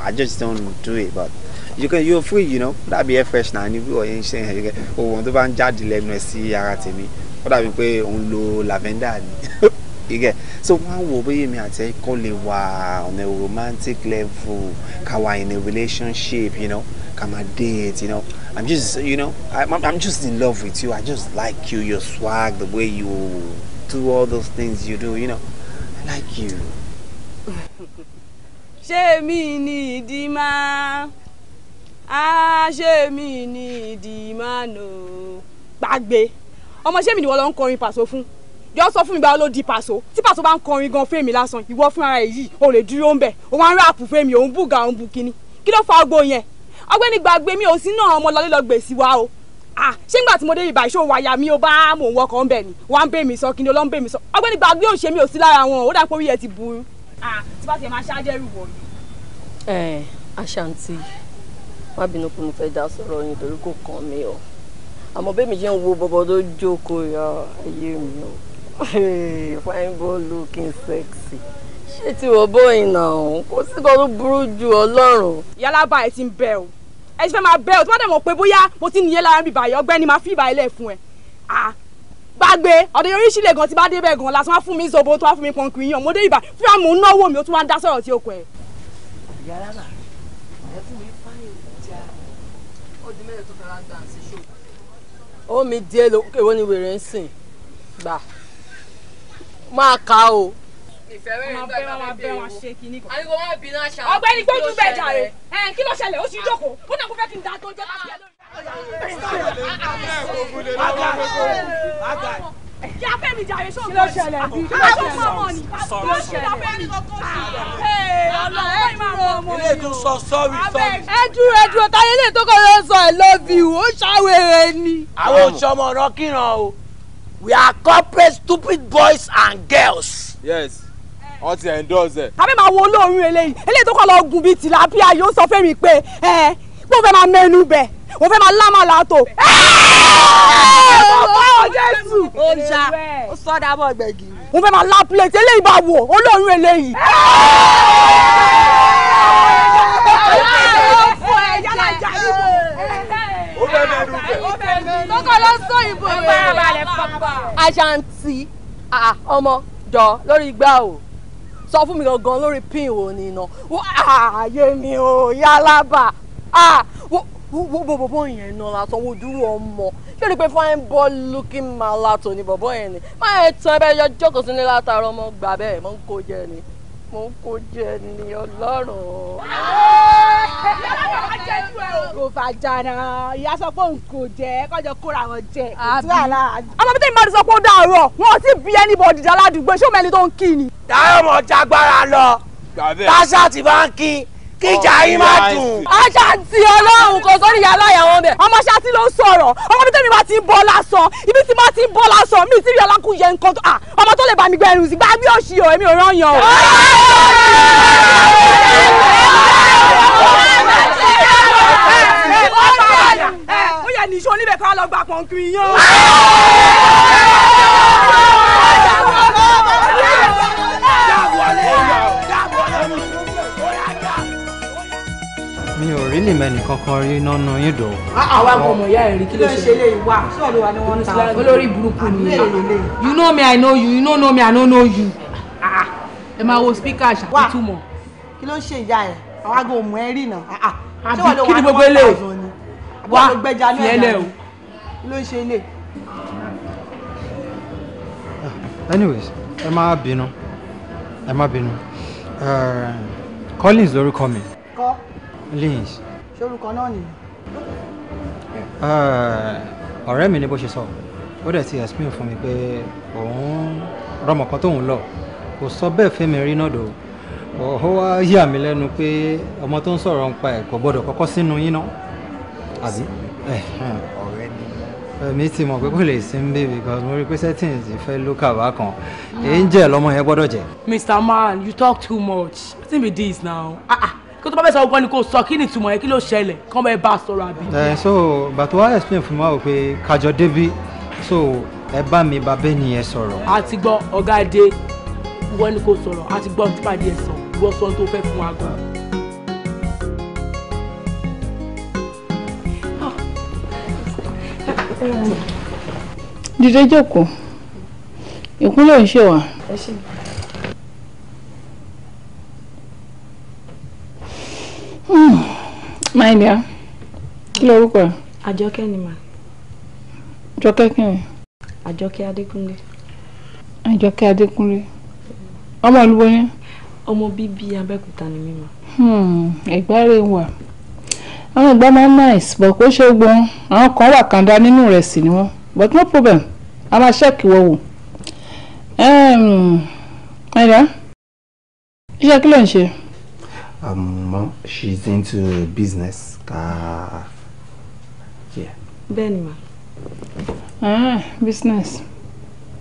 I just don't do it but you can you're free you know That'd be a fresh náà You bí wọ́n yẹn ń ṣe yẹn gbogbo ohun tó bá ń jáde lẹ́nu ẹ̀ sí ó dàbí pé òun lo lavender ni ìgẹ̀ so wọ́n á wò bóyá èmi àti ẹ̀kọ́ lè wà on a romantic level ká wà in a relationship you know ká máa date you know I'm just you know I'm, I'm just in love with you I just like you your swag the way you do all those things you do you know I like you. ṣé mi ní ìdí máa ah, á ṣé mi ní ìdí máa nù gbàgbé. No ọmọọṣẹ́ mi ni wọ́n lọ ń kọrin pàṣọ fún yọ sọ fún mi báwo ló di pàṣọ tí pàṣọ bá ń kọrin gan fún èmi lásán ìwọ fún ara yìí o lè dúró ń bẹ o máa ń ráàpù fún èmi òun búga òun bu kínní kí ló fa ọgbó yẹn ọgbẹ́ni gbàgbé mi ò sí náà ọmọ lọlé lọ gbèsè wa o ah ṣé ń gbà tí mo dé ibà ìṣòwò àyà mi ó bá mò ń wọkọ̀ ń bẹ̀ ni wà ń bẹ̀ mí sọ kí ni ó lọ ń bẹ̀ mí sọ ọgbẹ́ni gbàgbé òṣè mi ò sí lára wọn ó dà pé orí ẹ ti bu. tí bá ti máa ṣáájẹ́rù wọ̀ yìí. ẹ àṣàǹtì má bínú pé mo fẹ́ dá sọ̀rọ̀ yín torí kò kàn mí o àmọ́ bẹ́mi jẹ́ ń wo bọ́bọ́ tó jókòó yọ ayé mi o fine boy looking sexy ṣé tí wọ́n bóyin náà kò sí kan tó burú ju ọlọ́run. yálàbà ẹ ti ń bẹ o ẹ ti fẹ́ máa bẹ o tí wọ́n dẹ̀ mọ̀ pé bóyá mo ti nìyẹn lára mi báyìí ọgbẹ́ni máa fi ìbàyẹ̀ lẹ̀ fún ẹ gbàgbé ọ̀dọ̀ yorì sílẹ̀ gan ti bá débẹ̀ gan lásán wá fún mi zobo tó wá fún mi pọnkú yíyan mo dé ibà fún wa náwó mi ó tún wá ń dá sọ̀rọ̀ tí ó kọ ẹ̀. yàrá náà ẹ fún mi fáyọ̀ ìjà ó mẹ́rin tó fẹ́ràn owó mi díẹ̀ ló kéwó ni wèrè ń sìn gbà máa kà á o. ọ̀gbẹ́ni gbójú bẹ jàre kí ló ṣẹlẹ̀ ó sì jókòó ó náà kó fẹ́ kí n da tó jẹ bá tiẹ̀ lórí kí a fẹ́ mi jàre sóògùn kí ló ṣẹlẹ̀ bí kí ló ṣẹlẹ̀ bí kí ló ṣẹlẹ̀ bí ilé tó sọ sọ́ọ̀rì sọ́ọ̀rì. ẹ dúró ẹ dúró táyé lè tó kọ́ ló sọ ẹ lọ́ọ̀bì ó ṣàwèrè ni. àwọn oṣọmọ ọ̀rọ̀ kíran o we are corporate stupid boys and girls. yes wọ́n ti endorse ẹ̀. tàbí máa wo olóòórùn eléyìí eléyìí tó kọ́ lọ gùn bíi tìlápíà yóò sọ fẹ́mi pé ẹ pé ó fẹ́ máa mẹ́nu bẹ̀ o fẹ́ máa lámà láàtò. ọkọ jésù. ó ṣá ó sọdá bọ̀ gbẹ̀gì. o fẹ́ máa lá plẹ̀tì eléyìí bá wò olóòórùn eléyìí. kókó ló sọ ìbò rẹ̀ àṣàǹtì ọmọ dọ̀ lórí igbá o sọ fún mi gangan lórí pin òní iná ààyè mi ò yá lábà wo bọ̀bọ̀ yẹn náà la sọ wo dúró ọmọ ṣé rí pé fine boy looking man látò ni bọ̀bọ̀ yẹn ni má yẹ tán ẹbẹ yọ jókòó sílé látàárọ̀ ọmọ gbà bẹ́ẹ̀ mọ̀ ń kó jẹ ni mọ̀ ń kó jẹ ni ọlọ́run. kò fàjànà ìyá sọ pé òun kò jẹ kọjọ kóra wọn jẹ ètò àlà. ọmọ bíi tẹ́lifíṣàn sọ pé ó dàárọ̀ wọn ò tí ì bí anybody dá ládùúgbò ṣé òun ẹni tó ń kí ni. táyọ̀ mọ̀ jágbára lọ táṣà ti bá ń kí kíjà yín má dùn. aṣáàtì ọlọ́run kò sórí ìyá aláya wọn bẹ̀ ọmọ aṣáàtì ló ń sọ̀rọ̀ ọmọ mi tẹ́mi bá ti bọ́ lásán ibi tí bá ti bọ́ lásán mi ti rí ọlákù yẹ nǹkan tó à ọmọ tó lè bá mi gbẹ ẹrù sí gbàgbé òṣì o èmi ò rán yan o. ó yẹ níṣó níbẹ̀ ká lọ gbà pọ̀nkiri yán. Yeah. mi ò rí lè mẹ́ni kankan rí nánú yín dò. àwa gan mọ̀ ìyá ẹ̀ rí kí ló ṣe lè wà sọ̀rọ̀ wa ni wọ́n ń ta olórí burúkú ni you know me i know you you know know me i know know you ah, ah. ẹ máa wo speaker ṣàtúntúmọ̀. kí ló ń ṣe ìyá ẹ̀ àwa gan mọ̀ ẹ́ rí náà ah, àbí kí ni gbogbo ilé o wá fi ẹ lẹ o kí ló ń ṣe ilé. anyways ẹ má bínú ẹ má bínú eh, Collins lórúkọ mi. kọ́. Liz. ṣé orúkọ náà nìyí. Ah, ọ̀rẹ́ mi ni bó ṣe sọ ó dẹ̀ ti explain fún mi pé òun rọmọkan tóun lọ kò sọ bẹ́ẹ̀ fẹ́mi rí náà dò ó wá yà mí lẹ́nu pé ọmọ tó ń sọ̀rọ̀ ń pa ẹ̀ kò gbọ́dọ̀ kọ́kọ́ sínú yín náà àbí. ọ̀rẹ́ ni èmi ti mọ̀ pé kò lè sin bí because mo rí pé settings fẹ́ ló kàwá kan èyí ń jẹ́ lọ́mọ yẹn gbọ́dọ̀ jẹ́. Mr. Man you talk too much wetin be this now. Ah, ah kó tó bá bẹ́ẹ̀ sọ ọgbọ́n ni kò sọ kí ni ìtumọ̀ yẹn kí ló ṣẹlẹ̀ kán bẹ́ẹ̀ bá a sọ̀rọ̀ àbí. ẹ eh, so bàtò wa explain fún wa pé kájọ débi so ẹ bá mi bàbá ènìyàn sọ̀rọ̀. a ti gbọ́ ọ̀gá adé wọ́n ní kò sọ̀rọ̀ a ti gbọ́ tí pàdé ẹ̀ sọ ìwọ sọ tó fẹ́ fún wa gan. dìde jókòó ìkúnlẹ̀ ń ṣe wà. ẹ ṣe Hmm. my dear kí lorúkọ ẹ. àjọkẹ́ ni mà. àjọkẹ́ kí ni. àjọkẹ́ adékúnlé. àjọkẹ́ ọmọ olúwo ọmọ bíbí abẹ́òkúta ni mí mà. Hmm, ẹ̀gbá rẹ̀ wà àwọn ìgbà máa ń nice bọ̀ kó ṣe gbọ́n àwọn kan wà kàńdá nínú rẹ̀ sì ni wọ́n but no problem a máa ṣẹ́ẹ̀kì wọ̀ wò. ẹ̀dá ehm, iṣẹ́ kí ló ń ṣe. Um, mom, she's into business. Uh, yeah. Bẹ́ẹ̀ni ma. Eh, ah, business.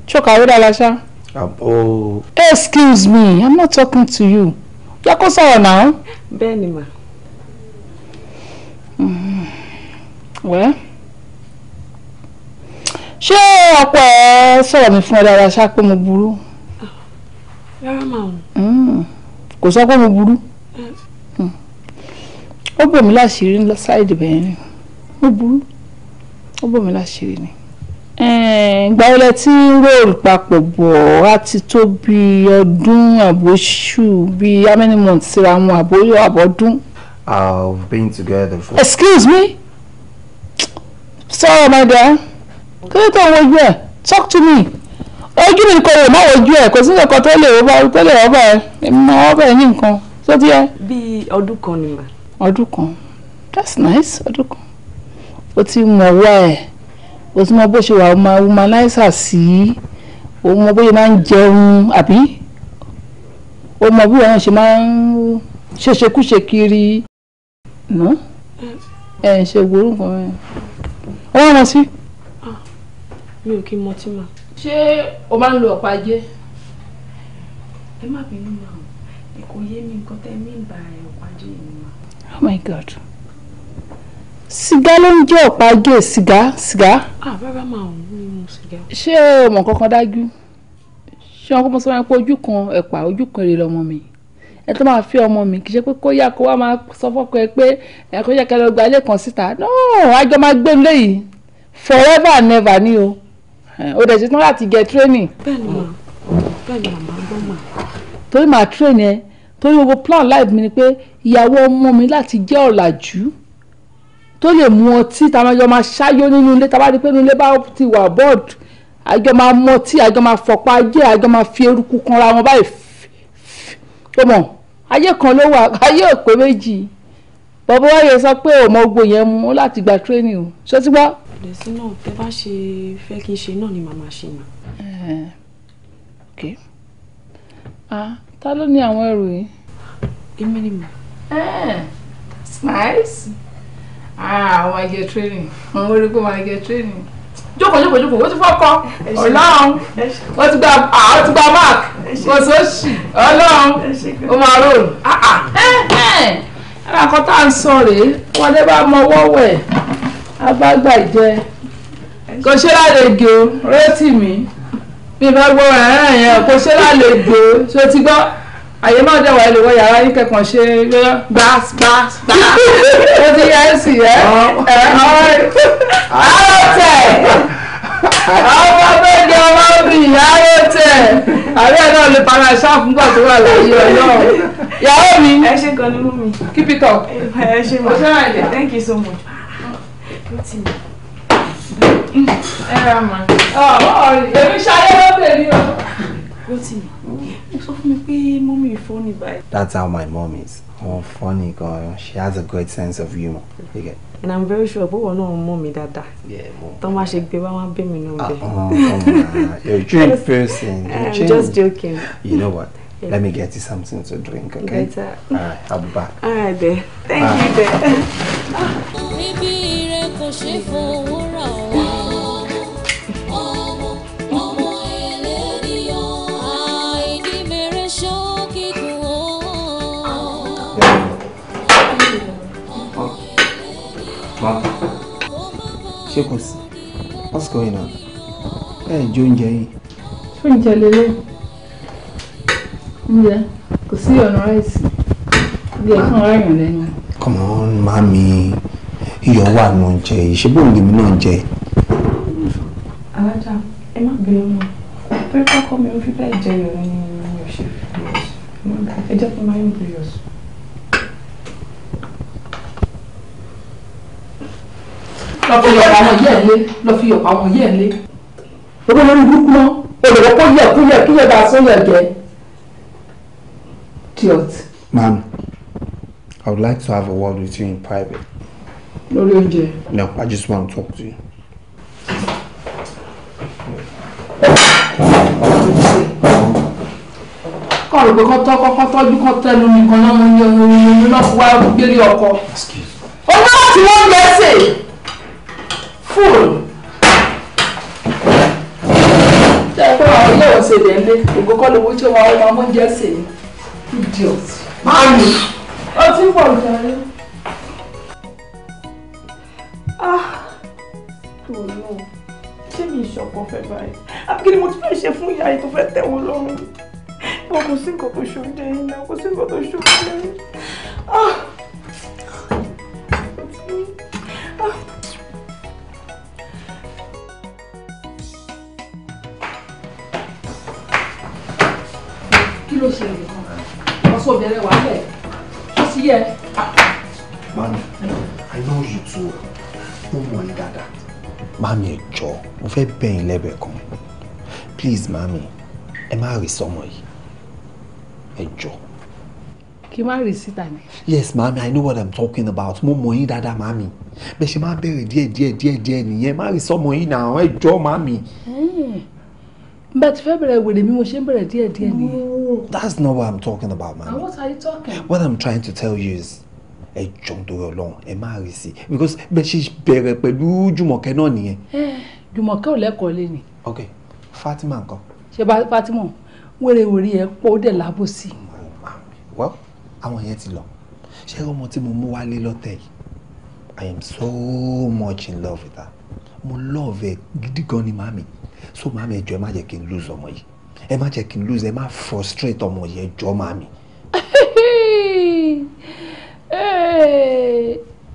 Choka Aweda Lasha. Um, oh. Excuse me, I'm not talking to you. Yẹ kó sọ̀rọ̀ náà. Bẹ́ẹ̀ni ma. Mm-hmm. Wẹ́. Ṣé ọkọ ẹ sọ̀rọ̀ mi fún ẹ dára ṣá pé mo burú? Ah, rárá màá. Mm. Kò sọ pé mo burú ó bò mí láṣìírí ńlá bẹ́ẹ̀ ni ó burú ó bò mí láṣìírí ni. gbàwọlẹ̀ tí róòlù papọ̀ bọ̀ á ti tó bí ọdún àbóṣù bí how many síra wọn àbóyọ àbọ̀dún. I've been together for. excuse me sorry my dear kí ló tó ń wojú ẹ talk to me ojú mi kò rò má wojú ẹ kò sí nǹkan tó lè rọ́bà tó lè rọ́bà ẹ èmi máa rọ́bà ẹ ní nǹkan tó ti bí ọdún kan ni ọdún kan that's nice ọdún kan ó ti mọ̀ wá ẹ̀ ó ti mọ bó ṣe wà ó máa womanizer sí ó mọ bóyá máa ń jẹun àbí ó mọ bí wọn ṣe máa ń ṣèṣekúṣe kiri nù ẹ̀ ń ṣe gbòòrò nǹkan rẹ̀ ó wá lọ sí. Ah, mi ò kí mọtí mà. ṣé o máa ń lo ọ̀pá ajé? ẹ má bínú mà oh my god sìgá ló ń jẹ́ ọ̀pá jẹ́ sìgá sìgá. ah bàbá máa ń mú inú sìgá. ṣé o mọ̀ kankan dájú ṣé wọn kó mo sọ wọn pé ojú kan ẹ̀pà ojú kan èrè lọmọ mi ẹ tó máa fi ọmọ mi kì í ṣe pé kó yá kó wá máa sọ fọkọ ẹ pé ẹ kó kẹlẹ gba ilé kan síta náà àjọ máa gbé ilé yìí forever never ni o ó dẹ̀ ṣetán láti get training. bẹ́ẹ̀ ni màá bẹ́ẹ̀ ni màá torí màá train ẹ torí gbogbo plan life mi ni pé ìyàwó ọmọ mi láti jẹ́ ọ̀làjú tó lè mu ọtí tá a máa jọ máa ṣáyó nínú ilé tá a bá rí pé nínú ilé bá ti wà board àjọ máa mu ọtí àjọ máa fọ̀pá ajé àjọ máa fi eruku kanra wọn báyìí tó mọ̀ ayé kan ló wà ayé òpè méjì bọ́bọ́ wáyé sọ pé ọmọ ogbó yẹn mú láti gba training o ṣé ti gbọ́. ọ̀dẹ̀sí náà tẹ bá ṣe fẹ́ kí n ṣe náà ni màmá ṣe mà ah ta ló ní àwọn ẹrù yìí. èmi ni mo. nice ah wàá get training àwọn orí kó wàá jẹ training jókòó jókòó jókòó ó ti fọkọ Ọlọ́run ó ti gba ó ti gba mark kò sóṣì Ọlọ́run ó máa rò ah ah ẹnì kan tá à ń sọ rèé wọlé bá mọ wọwẹ abágbà jẹ kò ṣe láde gé o rétí mi bí n bá gbọ́ ẹ̀rán yẹn kò ṣe lálejò ṣe ti gbọ́ àyè máa jẹ́ wà lèwọ́ yàrá yín kẹ́kàn ṣe gbás gbás gbás ó ti yẹ ẹ́ sì yẹ ẹ̀ ọ̀rọ̀ tẹ̀ ọmọ bẹ́ẹ̀ni ọmọ bí ìyàwó tẹ̀ àárẹ̀ náà lè para ṣáàpù nígbà tó wà láyé ọlọ́run ìyàwó mi ẹ ṣe kan ní mú mi keep it up ẹ ṣe mọ thank you so much. That's how my mom is Oh, funny girl. she has a great sense of humor. You get? and i'm very sure pé wọn náà mọ̀ mí dáadáa tó má ṣe gbé be me no more. Oh bẹ. you're a drink person. i'm drink. just joking. you know what yeah. let me get you something to drink okay. later all right i'll be back. all right there thank Bye. you there. ṣé sí what's going on ẹ ẹ jó oúnjẹ yìí. oúnjẹ lélẹ̀ oúnjẹ kò sí ọ̀nà ráìsì bí ẹ̀fọn ráyàn lẹ́nu. come on mami iyọ̀ wà nù oúnjẹ yìí ṣé bóun lèmi náà jẹ. alájà ẹ má bẹ̀rẹ̀ mọ́ pẹ́ẹ́pẹ́ kọ́ mi ò fi bẹ́ẹ̀ jẹ́ ìròyìn mi ò ṣe fi ẹ jẹ́ kí n máa ń bẹ̀rẹ̀ ọ̀sùn. lọ fi yọ̀pọ̀ àwọn yẹ̀ lé lọ fi yọ̀pọ̀ àwọn yẹ̀ yẹ kó yẹ kí yẹ bá Ma'am, I would like to have a word with you in private. No oúnjẹ. No, I just want to talk to you. kọ́ọ̀rọ̀ pé kọ́tọ́ kọ́kọ́ tọ́jú kọ́ tẹnu nìkan náà mo yẹ orin orin náà wá gbélé ọkọ. ó náà tí wọ́n yẹ ṣe fóònù. ṣàkóso àwọn ilé ọ̀sẹ̀ rẹ̀ ń lé ògo kọ́ lówó tí ó máa ń máa mú jẹ́ sí ni. idiot. máa mi. ó ti ń bọ̀ jàre. ah tòló ṣé mi ìṣọ̀kan fẹ́ báyìí àbí kí ni mo tún fẹ́ ṣe fún ìyá yìí tó fẹ́ tẹ̀wọ̀n lọ́rùn wọn kò sí nǹkan tó ṣoúnjẹ yìí náà kò sí nǹkan tó ṣoúnjẹ yìí. mami ẹ jọ̀ọ́ mo fẹ́ bẹ̀ yín lẹ́bẹ̀ẹ́ kan please mami ẹ má rí sọmọ yìí ẹ jọ̀ọ́. kí má rí síta ni. yes mami i know what i'm talking about mo mọ̀ yín dáadáa mami bẹ́ẹ̀ ṣe máa bẹ̀rẹ̀ díẹ̀ díẹ̀ díẹ̀ díẹ̀ nìyẹn má rí sọmọ yìí náà ẹ jọ̀ọ́ mami. Hmm. bá a ti fẹ́ bẹ̀rẹ̀ wèrè mi mo ṣe ń bẹ̀rẹ̀ díẹ̀ díẹ̀ nìyẹn. that's not what i'm talking about mami. and what are you talking. what i'm trying to tell you is ẹ jọ nítorí ọlọ́run ẹ má rí sí i because bẹ́ẹ̀ ṣe bẹ̀rẹ̀ pẹ̀lú jùmọ̀kẹ́ náà nìyẹn. Eh, jùmọ̀kẹ́ ò lẹ́kọ̀ọ́ lé ni. ok fatima nǹkan. ṣé fatima wẹ́rẹ́wẹ́rẹ́ yẹn pọ̀ ó dẹ̀ láàbò sí i. well àwọn yẹn ti lọ ṣé ọmọ tí mo mú wálé lọ́tẹ̀ yìí i am so much in love with her mo love ẹ gidi gan ni màmí so màmí ẹ jọ̀ọ́ ẹ má jẹ́ kí n lose ọmọ yìí ẹ má jẹ́ kí n lose ẹ má frustrate ọmọ yìí ẹ jọ̀ọ́ màmí.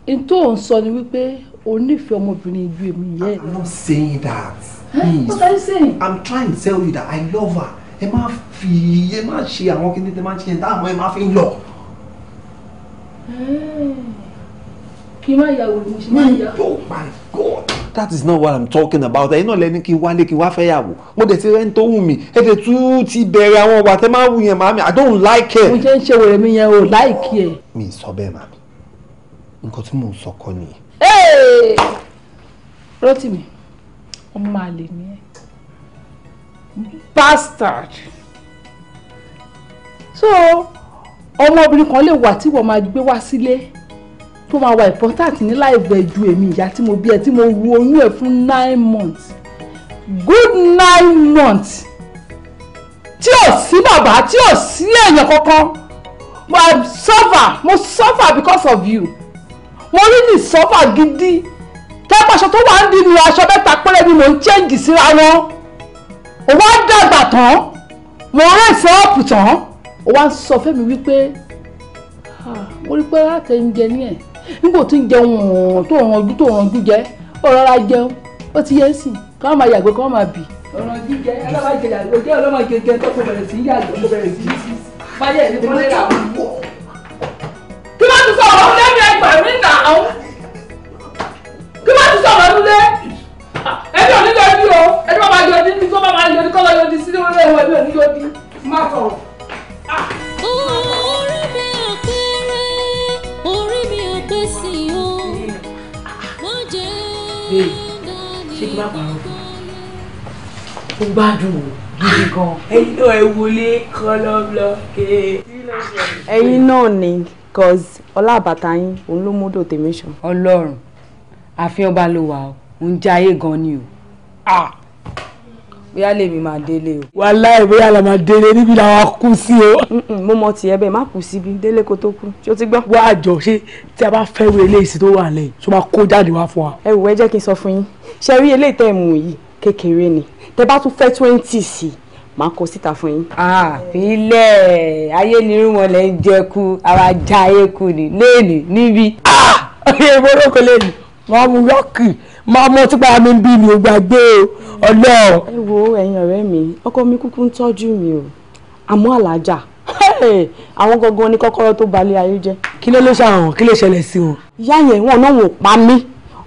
n tó ń sọ ni wípé o nífẹ̀ẹ́ ọmọbìnrin ju èmi yẹ. I'm not saying that. What are you saying? I'm trying to tell you that I love her. Ẹ má fi ẹ má ṣe àwọn kí ni tẹ má ṣe ẹ dáhùn ẹ má fi ń lọ oh my god that is not what i'm talking about ẹ̀yin náà lẹ́ni kí n wálé kí n wá fẹ́ yàwó mo dẹ̀ ti rẹ́ni tó wù mí ẹ dẹ̀ tún ti bẹ̀rẹ̀ àwọn ọ̀wà tẹ́ máa wù yẹn màmí i don't like it. mo jẹ́ ń ṣe wèrè mi yẹn o láìkí ẹ̀. mi ì sọ bẹ́ẹ̀ màmí nǹkan tí mò ń sọ kọ́ nìyẹn. Rotimi ọmọ àlè ni ẹ bastard so ọmọbìnrin kan lè wà tí wọ́n máa gbé wá sílé. Si tó máa wà important ní láìpẹ́ ju èmi ìyá tí mo bí ẹ tí mo ru oyún ẹ fún nine months good nine months tí ò sí bàbá tí ò sí èèyàn kankan mo suffer mo suffer because of you mo really suffer gidi tẹ́pọ̀ aṣọ tó wà ń di mi aṣọ mẹ́ta péré ni mò ń change síra wọn ó wá dàgbà tán mo rẹ̀sẹ̀ ọ̀pù tán ó wá ń sọ fẹ́mi wípé ah, mo rí pé látẹ̀ ń jẹ ní ẹ̀ nígbò tí ń jẹun tó ranjú tó ranjú jẹ ó rọra jẹun ó ti yẹ ń sìn ká máa yàgbé ká máa bì. ọ̀rọ̀ jíjẹ alábàjẹ yàgbé jẹ́ ọlọ́mọ jẹjẹ tó kò bẹ̀rẹ̀ sí yàgbé kò bẹ̀rẹ̀ sí báyẹ̀ ní kọ́lẹ́rà. kí wọ́n ti sọ̀rọ̀ ọ̀hún lẹ́nu ẹgbẹ̀rún nà án kí wọ́n ti sọ̀rọ̀ ọ̀hún lẹ́ ẹbí ò ní lọ bí o ẹbí bàbá yọ ní bí bàbá yọ ní kọ́lọ́ yọ ní sílẹ̀ wọlé ẹ̀wọ̀ ẹbí ò ní lọ bí. má sọ̀rọ̀. Ah. bẹ́ẹ̀ ṣé kí n má pààrọ̀ fún un ó gbádùn o gidi gan. ẹyin náà ẹ wọlé kọlọblọ kéé. ẹyin náà ni cause ọlá àbàtà yín òun ló múdò tèmi sàn. ọlọ́run àfihàn ọba ló wà ó ń jayé gan ni o. Ah! bóyá lèmi máa délé o. wàláì bóyá la máa délé níbi làwọn kú sí o. mo mọ tiẹ̀ bẹ́ẹ̀ má kú síbi délé kó tó kú ṣé o ti gbọ́. wá àjọ ṣé tí a bá fẹ́ wo eléyìí tó wà lẹ́yìn tó máa kó jáde wá fún wa. ẹ wò ẹ jẹ́ kí n sọ fún yín ṣe rí eléyìí tẹ́ ẹ mú yìí kékeré ni tẹ́ bá tún fẹ́ twenty sí i máa kó síta fún yín. àfilẹ̀ ayé ni irú wọn lè ń jẹ ku ara já ayé ku ni léènì níbi. ah ìbọn ló kọ léènì wọn mú yọkì máa mọ tí para mi ń bí mi ò gbàgbé o ọlọ́run. ẹ wo ẹ̀yin ọ̀rẹ́ mi ọkọ mi kúkú ń tọ́jú mi o àmọ́ àlàjà àwọn gangan ní kọ́kọ́rọ́ tó balẹ̀ ayé jẹ́. kí ló ló ṣàhàn kí ló ṣẹlẹ̀ sí wọn. ìyá yẹn wọn náà wò pa mí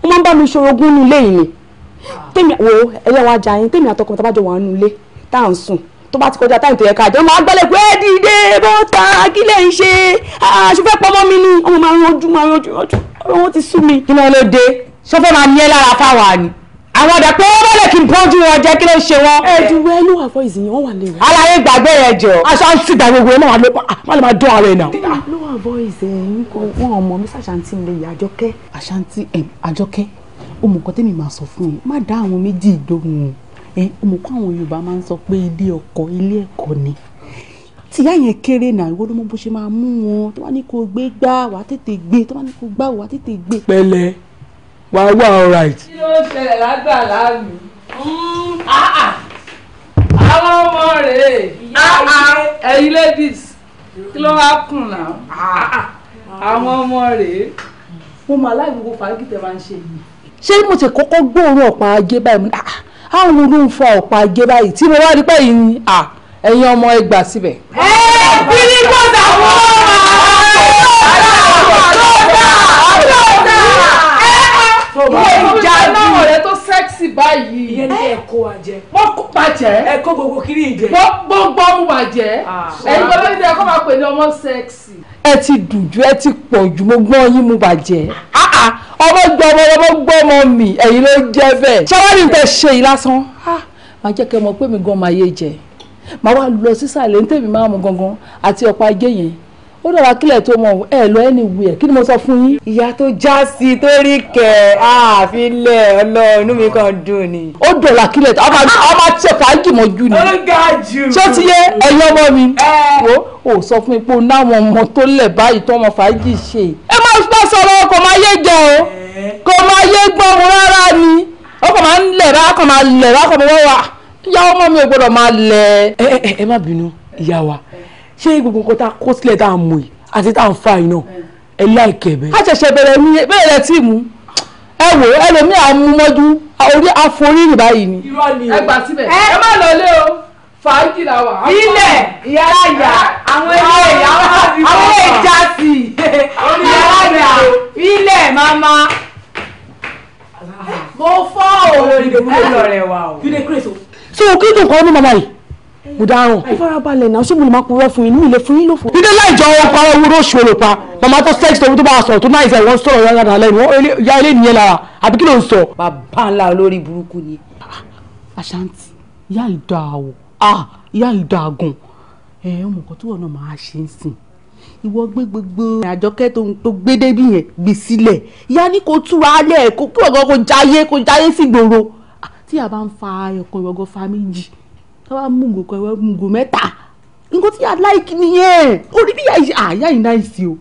wọn máa ń bá mi ṣorogún nílé yìí ni tèmi wo ẹyẹ wa jà yín tèmi àtọkùn tá a bá jọ wà nínú ilé tá à ń sùn tó bá ti kọjá táyì tó yẹ ká jẹun máa gbọ́lẹ̀ pé dìde bọ́ta kí lè ń ṣe aṣọ ah, pọ́nmọ́ mi ni ọmọ máa ń rojú máa ń rojú ọ̀rọ̀ wọn ti sú mi. kí ló dé ṣó fẹ́ máa ní ẹ lára fáwọn àní àwọn ọ̀dà pé wọ́n bẹ̀rẹ̀ kí n bọ́jú wọn jẹ́ kí ló ṣe wọn. ẹ ju ẹnu àfọ ìsìnyí wọn wà lè wá. aláyé gbàgbé rẹ jọ. aṣọ àwọn ti gbàgbé wo náà wọn lè máa dún ara ẹ náà. ló wà bọ ìsẹyìn kọ wọn ọmọ mi ṣàṣàǹtì ń lè yà àjọkẹ́. àṣàǹtì àjọkẹ́ ó mọ nǹkan tẹ́mi máa sọ fún yín má dá àwọn méjì ìdóhùn ẹ ó mọ kó àwọn Yorùbá máa ń sọ pé ilé ọkọ ilé ẹ̀kọ́ ni tìyá yẹn kéré náà ìwọ ló mọ bó ṣe máa mú wọn tó bá ní kó gbé gbá wàá tètè gbé tó bá ní kó gbá wàá tètè gbé. pẹ̀lẹ́ wà á wà alright. kí ló ń ṣẹlẹ̀ lágbàlá mi? Hmm, ah, ah. àwọn ọmọ rèé ah, ẹ̀yin ladies kí ló wá kùn náà àwọn ọmọ rèé mo máa láì gbogbo fàájì tẹ máa ń ṣe yìí. ṣé mo ti kọ́kọ́ gbóòórùn ọ̀pá ajé báyìí àwọn ló ń fa ọ̀pá ajé báyìí tí mo wá rí pé yìí ni ẹ̀yin ọmọ ẹgbàá síbẹ̀. ẹ ẹ bí ní kò dà wọ́n. tó bá wọ́n ìjà bí ìwọ rẹ tó sẹ́ksì báyìí. ìyẹn ní ẹ̀kọ́ àjẹ́. wọ́n kó bàjẹ́. ẹ̀kọ́ gbogbo kiri ìjẹ́. gbogbo ń bàjẹ́. Ah, ẹ̀yin bọ́lá ní ẹ̀kọ́ máa pè ní ọmọ sẹ́ksì. ẹ ti dùn ju ẹ ti pọ̀ ju mo gbọ́n yín mu bàjẹ́. Ah, ah. ọmọ gbọ́mọ ọmọ gbọ́mọ mi ẹ̀yin ló jẹ́ bẹ́ẹ̀. ṣáwárì tẹ ṣe yìí lásán. máa jẹ́ kẹ́ mọ̀ pé mi gan máa yé jẹ. máa wá lọ sísàlẹ̀ ní tèmi máa mú gangan àti ọ̀pá ajé yẹn ó dára kílẹ̀ tó mọ̀ ẹ lọ anywhere kí ni mo sọ fún yín. ìyá tó já sí i tó rí kẹ àfilẹ Ọlọ́run inú mi kàn dùn ni. ó dọ̀là kílẹ̀ tó ọmọ ṣe fàájì mọ́jú ni. ó ga jù. ṣé ti yé ẹyin ọmọ mi. wo ò sọ fún mi pé o náwọn ọmọ tó lẹ̀ báyìí tó ọmọ fàájì ṣe. ẹ má bá sọ̀rọ̀ kò máa yé jẹ o kò máa yé gbọ́n mu rárá ni ó máa ń lẹ̀ rá máa lẹ̀ rá máa wá wa ìyá ọmọ mi ò gbọ́dọ̀ máa lẹ̀. ẹ ẹ ẹ má bínú ìyá wa ṣé gbogbo nǹkan tá a kó sílẹ̀ tá a mú yìí àti tá a fa iná ẹ láìkẹ́ bẹ́ẹ̀. a ṣẹ̀ṣẹ̀ bẹ̀rẹ̀ ní bẹ́ẹ̀rẹ̀ tí mú ẹ wò ẹlòmíì àmúmọ́jú orí àforírì báyìí ni. irọ́ ni ẹ gbà síbẹ̀ ẹ má lọ lé o fàájì la wà. ilẹ̀ ìyára ìyá àwọn ilé ìyá àwọn ilé ìjà sí ìyára ìyá ilẹ̀ màmá mo fọ́ òun ìdòwúlò rẹ̀ wà o. so kí ló ń kọ́ ọ́ ní màmá yìí mo dáhùn. ìfarabalẹ̀ náà ṣé mo lè máa purọ́ fún yín mi lè fún yín lófo. nílé láì jọ ohun pa owó lóṣù olè pa màmá tó sẹ́ẹ̀kì tó tó bá a sọ̀rọ̀ tó náà ìfẹ́ wọn sọ̀rọ̀ yára dáadáa lẹ́nu ya ilé nìyẹn lára àbí kí ló ń sọ. bàbá ńlá olórí burúkú ni. àṣàǹtì ìyá ìdá àwọ̀ ah, ìyá ìdá àgùn ẹ ọmọ nǹkan tó wọ̀ náà máa ṣe ń sìn ìwọ gbé gbogbo àjọkẹ́ tó gbé débi yẹn gbè sílẹ̀ ìyá ní kò túra lẹ̀ kó kí ọ̀gá kò jáyé kò jáyé sí gbòòrò ah, tí a bá ń fa ẹ̀kọ́ ìwọ̀gọ́ fa méjì tá a bá mú ngò kan ẹ wá mú ngò mẹ́ta nǹkan tí aláìkí nìyẹn orí bí àyà yìí náà sí o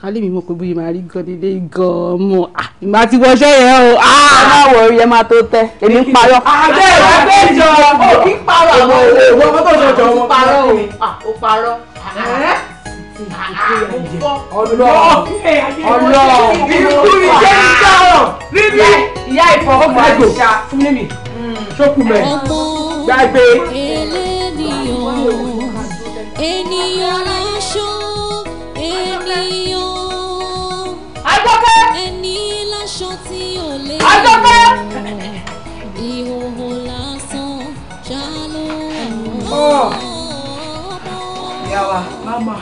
ká lè mi mọ̀ pé bóyá máa rí gan dédé gan mọ̀ ìmọ̀ àti wọṣẹ́ yẹn o máa wọ̀ orí ẹ máa tó tẹ́ èmi ń parọ́. àbẹ́ ìwà bẹ́ẹ̀ jọ o kì í parọ́ àwọn owó owó ọmọ tó jọjọ ọmọ parọ́ o o parọ́. ọlọ ọlọ ikú mi jẹ́ ìjọ rírì ìyá ìfọwọ́pọ̀ àìsà fún mi ṣókùnmẹ́ gbàgbé. ènìyàn ènìyàn láṣọ ènìyàn. àjọpẹ́. ẹni láṣọ mama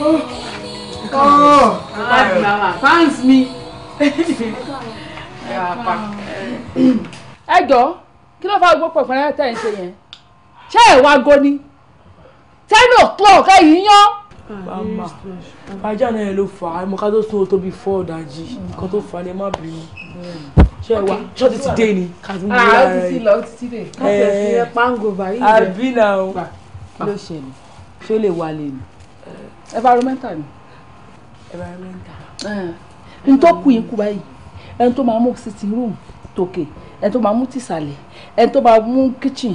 ó Oh, oh, fans mi. ẹ jọ kí ló fà gbọ́ pọ̀fẹ́rẹ́ tẹ̀ ń ṣe yẹn ṣé ẹ̀ wá goni ten o'clock ẹ̀yìn yán. ajá náà ẹ ló fà á mo ká tó sún o tó bí four dájí nǹkan tó fà á ni ẹ má bínú ṣe wa ṣọ́ọ̀tì ti dé ni kàtí mo rí ara rẹ̀ lọ títí dé eh. káṣẹ̀ sí ẹ pangova yìí rẹ̀ àbí náà o. kí ló ṣẹlẹ̀ ṣé ó lè wà lè nù. Eh. environmental ni. environmental. Eh. n tó kù yín kú báyìí ẹni tó máa mú sí ti rúùmù tòkè. Okay ẹni tó máa mú tìsàlẹ̀ ẹni tó máa mú kitchen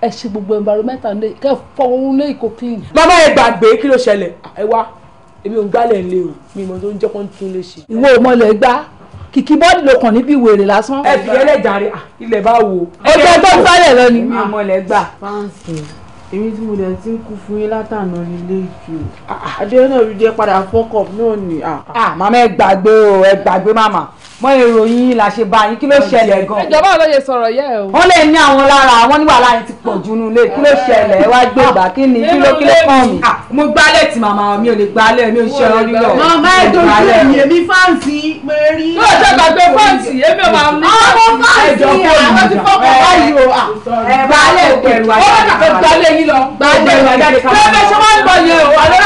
ẹ ṣe gbogbo environmental ní kẹ fọwọ́n ní ìkó clean. bàbá ẹ gbàgbé kí ló ṣẹlẹ̀ ẹ wá èmi ò gbálẹ̀ ńlẹ̀ o mi ìmọ̀ tó ń jẹ́ kó ń tún lè ṣe. ìwọ ò mọlẹ̀ gbá kìkì bọ́ọ̀lì ló kàn níbi ìwèrè lásán. ẹ fi ẹlẹ́ jàre ilẹ̀ bá wo. ẹgbẹ́ tó ń sálẹ̀ lọ ni. mi ò mọlẹ̀ gbà. fáǹsì èmi tí mo lè ti ń kú fún yín látànà nílé ìjù adéhùn náà rí jẹ́ padà fọ́kọ̀ náà ni. màmá ẹ gbàgbé o ẹ gbàgbé màmá mọ èrò yín la ṣe bá yín kí ló ṣẹlẹ̀ gan. ìjọba ò lóye sọ̀rọ̀ yẹ o. wọ́n lè ní àwọn lára àwọn níwà láyé ti pọ̀ jù nulẹ̀ kí ló ṣẹlẹ̀ wá gbé ìgbà kí ni kí ló kí ló kàn mí. Ah, mo gbálẹ̀ tí màmá mi ò lè gbálẹ̀ mi ò ṣe ọ lílọ. màmá ẹjọ́ ìlú èyí èmi fáǹsì pé rí. yóò ṣe gbàgbé fáǹsì èmi ò máa ah, mú. àwọn fáǹsì àwọn ti fọkàn báyìí ah, o. gbálẹ̀ pẹ̀lú àjẹsà.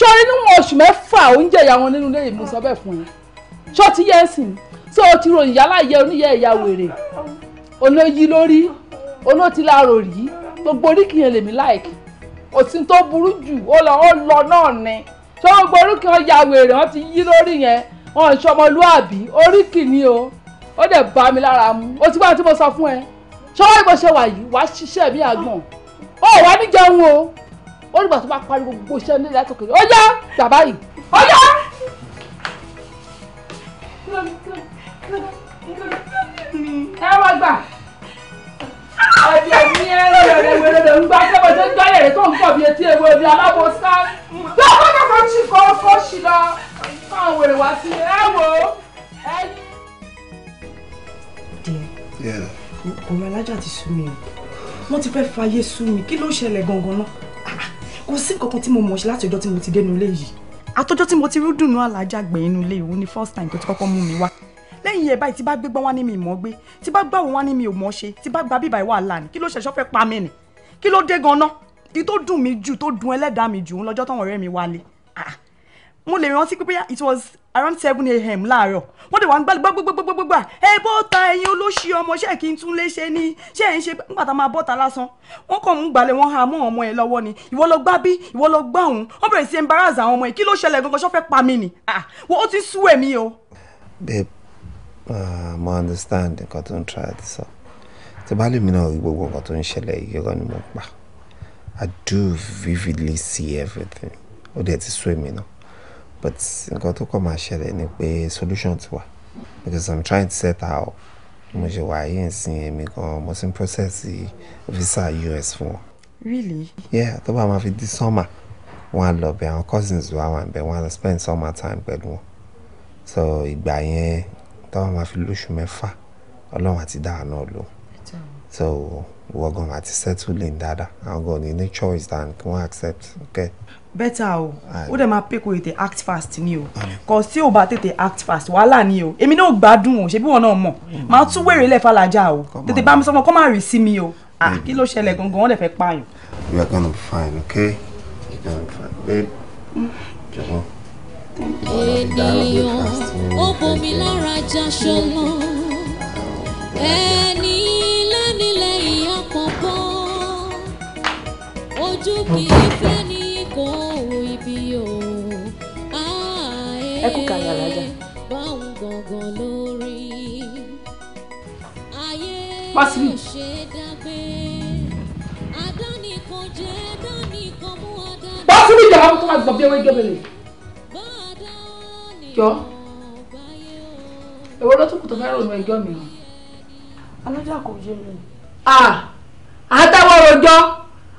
ṣọrí níwọ̀n oṣù mẹ́fà oúnjẹ ìyá wọn nínú ilé yìí mo sọ bẹ́ẹ̀ fún yín ṣọ́ ti yẹ́ sìn tí o ti ròyìn yálà yẹ oníyẹ ìyá wèrè olóyí lórí olóòtí láàrò rí gbogbo oríkì yẹn lèmi láìkì òsín tó burú jù ó lọ ó lọ náà ni ṣé wọn gbọ oríkì wọn ya wèrè wọn ti yí lórí yẹn wọn ṣọmọlúàbí oríkì ni o ó dẹ̀ bá mi lára mu o ti gbà tí mo sọ fún ẹ ṣọwọ́ ìbọn ṣe wà yìí wàá ṣiṣẹ́ mi àgbọ̀n ó wàá níjẹun o ó nígbà tó bá parí gbogbo iṣẹ́ nílẹ̀ látòkèrè ó yá bàbá yìí ó yá. ẹ wá gbà ọ̀dẹ̀ mi ẹ rẹ̀ wẹ̀rẹ̀ ń gbá sẹ́wọ̀n tó ń gbálẹ̀ rẹ̀ tó ń pọ̀ bí etí ewu ebi aláwọ̀ sá. bí ọkọ kọkọ tí kò fọ́ sí lọ káwọn wèrè wá sí ẹ wò ẹ. díẹ̀ ọ̀rọ̀ alájà ti sú mi o wọ́n ti fẹ́ fàyè sú mi kí ló ṣẹlẹ̀ gangan náà kò sí nǹkan kan tí mo mọ̀ ṣe láti ọjọ́ tí mo ti dénú ilé yìí àtọjọ́ tí mo ti rúdùn náà làájá gbẹ̀yìn inú ilé ìwọ ni first time tó ti kọ́kọ́ mú mi wá lẹ́yìn yẹn báyìí tí bá gbégbá wá ní mi mọ̀ gbé tí bá gbáwò wá ní mi ò mọ̀ ṣe tí bá gbà bíbá wàhálà ni kí ló ṣẹ̀ṣọ́ fẹ́ pa mí ni kí ló dé gan-an dùn mí jù tó dùn ẹlẹ́dàá mi jù ń lọ́jọ́ táwọn mi wálé ah, mo lè rántí pé it was around seven a.m. láàárọ̀ wọ́n dẹ̀ wá ń gbálẹ̀ gbọ́gbọ́gbọ́gbọ́gbà ẹ bó ẹ̀yin olóṣì ọmọ ṣé kí n tún lè ṣe ni ṣé ẹ̀ ń ṣe nígbà tá a máa bọ́ta lásán wọ́n kàn ń gbalẹ̀ wọ́n ha mọ́ ọmọ ẹ lọ́wọ́ ni ìwọ lọ gbá bí ìwọ lọ gbá òun wọ́n bẹ̀rẹ̀ sí embarrass àwọn ọmọ ẹ kí ló ṣẹlẹ̀ gangan ṣọ́fẹ́ pa mí ni ah, wọ́n ti sú ẹ̀mí o. babe uh, mo understand nǹkan tó ń tra àti sọ tí bá lè mi náà rí gbogbo nǹkan tó I do vividly see everything ó dẹ̀ ti sú èmi but nǹkan tó kọ́ máa ṣẹlẹ̀ ni pé solution ti wà because i'm trying to set out. up mo ṣe wà yìí nsìn èmi gan mo ti ń process visa us fún wọn. really. yeah tó bá máa fi di summer wọn á lọ bẹ àwọn cousins wa wà bẹ wọn á lọ spend summer time pẹ̀lú wọn so ìgbà yẹn tó bá máa fi lóṣù mẹ́fà ọlọ́run àti dáhà náà lò so wọ́n gan àti settling dáadáa àwọn gan ní ní choice than kí wọ́n accept okay better o ah, ó dẹ̀ máa pé kó tètè act fast ni o kò ah, sí ò bá tètè act fast wàhálà ni o èmi náà gbádùn o ṣebí wọn náà mọ̀ máa mm. tún wèrè lẹ̀ fàlàjà o tètè bá mi sọ kó má rí sí mi o ah, mm. kí ló ṣẹlẹ̀ gangan wọn lè fẹ́ pààyàn. you are gonna fine okay you are gonna fine babe mm. jọ̀wọ́. ènìyàn ó bomi lára jaṣọ lọ ẹni lánilẹ̀ ìyá pọ̀pọ̀ ojú kìí fẹ́. ẹ kú kàlẹ̀ alájà. pásítì. pásítì ìjọba tó máa gbọ́ bí ewé gébèlè. jọ èwo ló tún kù tó fẹ́ rònú ẹjọ́ mi hàn. alájà kò yé mi. àtàwọn ọ̀rọ̀ jọ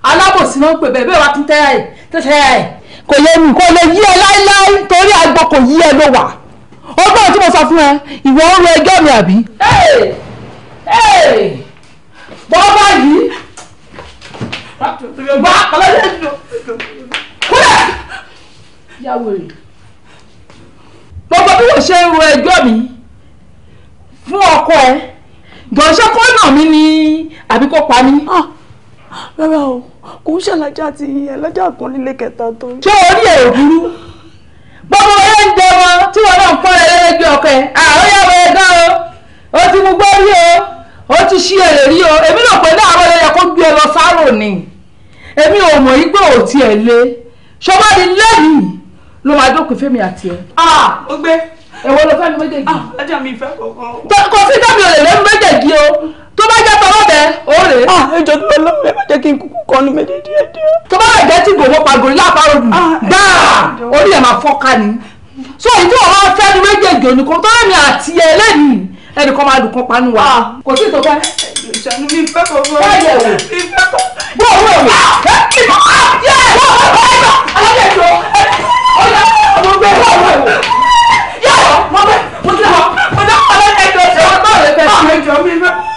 alábòsí náà ń pè bẹ́ẹ̀ bẹ́ẹ̀ wá tún tẹ́ ẹ̀ tẹ́ ẹ̀ kò yẹ mi kò lè yí ẹ láíláí torí àgbọ̀ kò yí ẹ ló wà ọgbọ́n tí mo sọ fún ẹ ìwọ ń ro ẹjọ́ mi àbí. bọ́ọ̀bá yìí bá ọlọ́dẹ dùn kúrẹ́ yàwó rẹ̀ gbogbo bí wọ́n ṣe ń ro ẹjọ́ mi fún ọkọ ẹ jọ̀ọ́ ṣé kó nà mí ni àbí kó pa mí. Ah, rárá o kò ń ṣàlàjà àti ẹlẹ́jà kan nílé kẹta tó. ṣé orí ẹ̀ ò burú gbogbo ọ̀rẹ́ ń jẹ wọn tí wọn náà ń fọ́n ẹlẹ́gbẹ́ ọ̀kẹ́ àròyàwó ẹ̀dá o ó ti mú gbọ́ rí o ó ti ṣí èrè rí o èmi náà pẹ̀lú àwọn ẹlẹ́yà kó gbé ẹ lọ sáró ni èmi ò mọ̀ yín pé ò tiẹ̀ lé ṣọba ni lẹ́yìn ló máa dókun fẹ́mi àti ẹ. ó gbé èwo ló fẹ́ mi méjèèjì. ajá mi ìfẹ́ kọ̀ọ̀kan. kò sí dábìlì ò lè lẹ́nu méjèèjì o tó bá jẹ́ tọ́lọ́ bẹ́ẹ̀ ó rèé. ah ẹjọ tó lọ ẹ má jẹ́ kí n kúkú kọnu méjì díẹ̀ díẹ̀. tó bá rẹ̀ jẹ́ tí gòwó pa gòrí láàpárò dùn gbáà orí ẹ̀ máa fọ́ká ni. so èyí tí wọ́n wá fẹ́ ni méjèèjì òní kan tó rẹ̀mí àti ẹ lẹ́yìn ẹnì kan máa dùn kan panu wa. kò sí ìtọ́jú ẹ. ìṣàánú mi fẹ́ kọ́ fún ọ. mi fẹ́ kọ́. wọ́n wọ́n wọ́n. ẹ kí ni wọ́n yẹ ẹ lọ́wọ́ ẹ lọ́wọ́ ẹ lọ́wọ́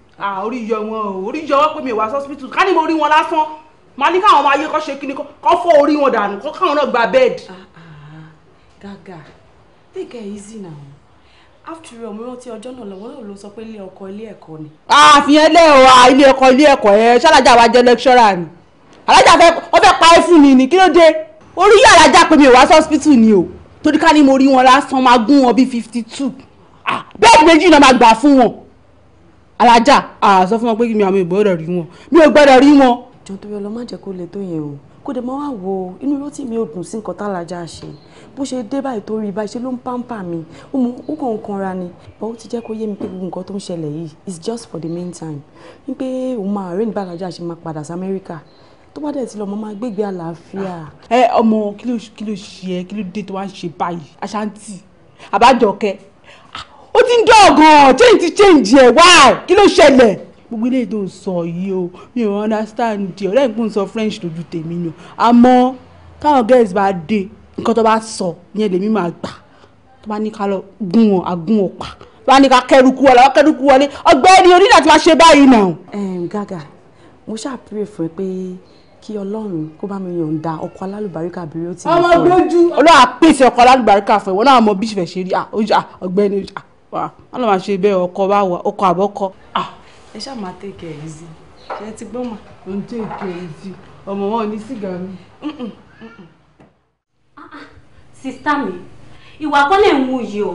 orí yọ wọn o orí yọ wọn pé mi wá sọ́sibítù ká ní mo rí wọn lásán màá ní káwọn máa yé kọ́ ṣe kíni kọ́ fọ́ orí wọn dànù kọ́ káwọn náà gba bẹ́ẹ̀dì. Ah, ah, gàgà take it easy now after all mo rántí ọjọ́ náà lọ́wọ́ náà ló sọ pé ilé ọkọ ilé ẹ̀kọ́ ni. àfihàn lẹ́ o ilé ọkọ ilé ẹ̀kọ́ ẹ ṣálájà wa jẹ́ lẹ́kṣọ́rà ni alájà fẹ́ ọ fẹ́ pa ẹ́ fún mi ni kí ló dé orí yà alájà pé mi ò wá sọ́sibítù ni o torí ká ní mo rí wọn lásán máa gún wọn bíi fifty two bẹ́ẹ̀dì méjì náà máa gbà fún wọn alájà àṣọ fún wọn pé mi àwọn ìgbọ́dọ̀ rí wọn mi ò gbọ́dọ̀ rí wọn. jọ torí ọlọ má jẹ́ kó le tó yẹn o kó dẹ̀ mọ́ wá wo inú ló tì mí ò dùn sí nǹkan tálájà ṣe bó ṣe dé báyìí tó rí i báyìí ṣe ló ń pàǹpà mi ó mú ó kàn ń kanra ni bọ́ ó ti jẹ́ kó yé mi pé gbogbo nǹkan tó ń ṣẹlẹ̀ yìí it's just for the meantime ní pé òun máa rẹ́ nígbà alájà ṣe máa padà sí Amẹ́ríkà tó bá dẹ̀ ti lọ ọmọ máa gbégbé àlàáfíà. ẹ ọmọ kí ló ṣe ẹ kí ló dé tó wá ń ṣe báyìí aṣáǹtì àbájọkẹ́ ó ti ń dọ̀gàn change ti change ẹ̀ wá kí ló ṣẹlẹ̀ gbogbo eléyìí tó ń sọ yìí o mi ò understand ẹ ọ̀rẹ́ mi sọ French lójú tèmi ni o àmọ́ káwọn girls bá dé nǹkan tó bá sọ yẹn lèmi máa gbà tó bá ní ká lọ gún ọ agún ọ pa tó bá ní ká kẹrùkú wọlé kẹrùkú wọlé ọgbẹ́ni onídàá ti máa ṣe báyìí náà. gàgà mo ṣáà pray fún ẹ pé kí ọlọ́run kó bá mi yọ̀ǹda ọkọ alálùbáríkà bí ó ti ń fún ẹ. ọlọ́run àpèsè ọkọ alálùbáríkà fún ẹ wọn náà mọ bí ìṣẹ̀fẹ̀ rí ọgbẹ́ni ọjà wa wọn lọ máa ṣe bẹ́ẹ̀ ọkọ bá wà ọkọ àbọkọ. Ah, ẹ ṣáà máa tẹ̀kẹ̀ ẹ̀ yìí sí ṣe ti gbọ́n mà. ó ń tẹ̀kẹ̀ ẹ̀ sí ọmọ wọn ò ní sìgá mi. Ah, ah, sista mi ìwà kọ́ lè mú yìí o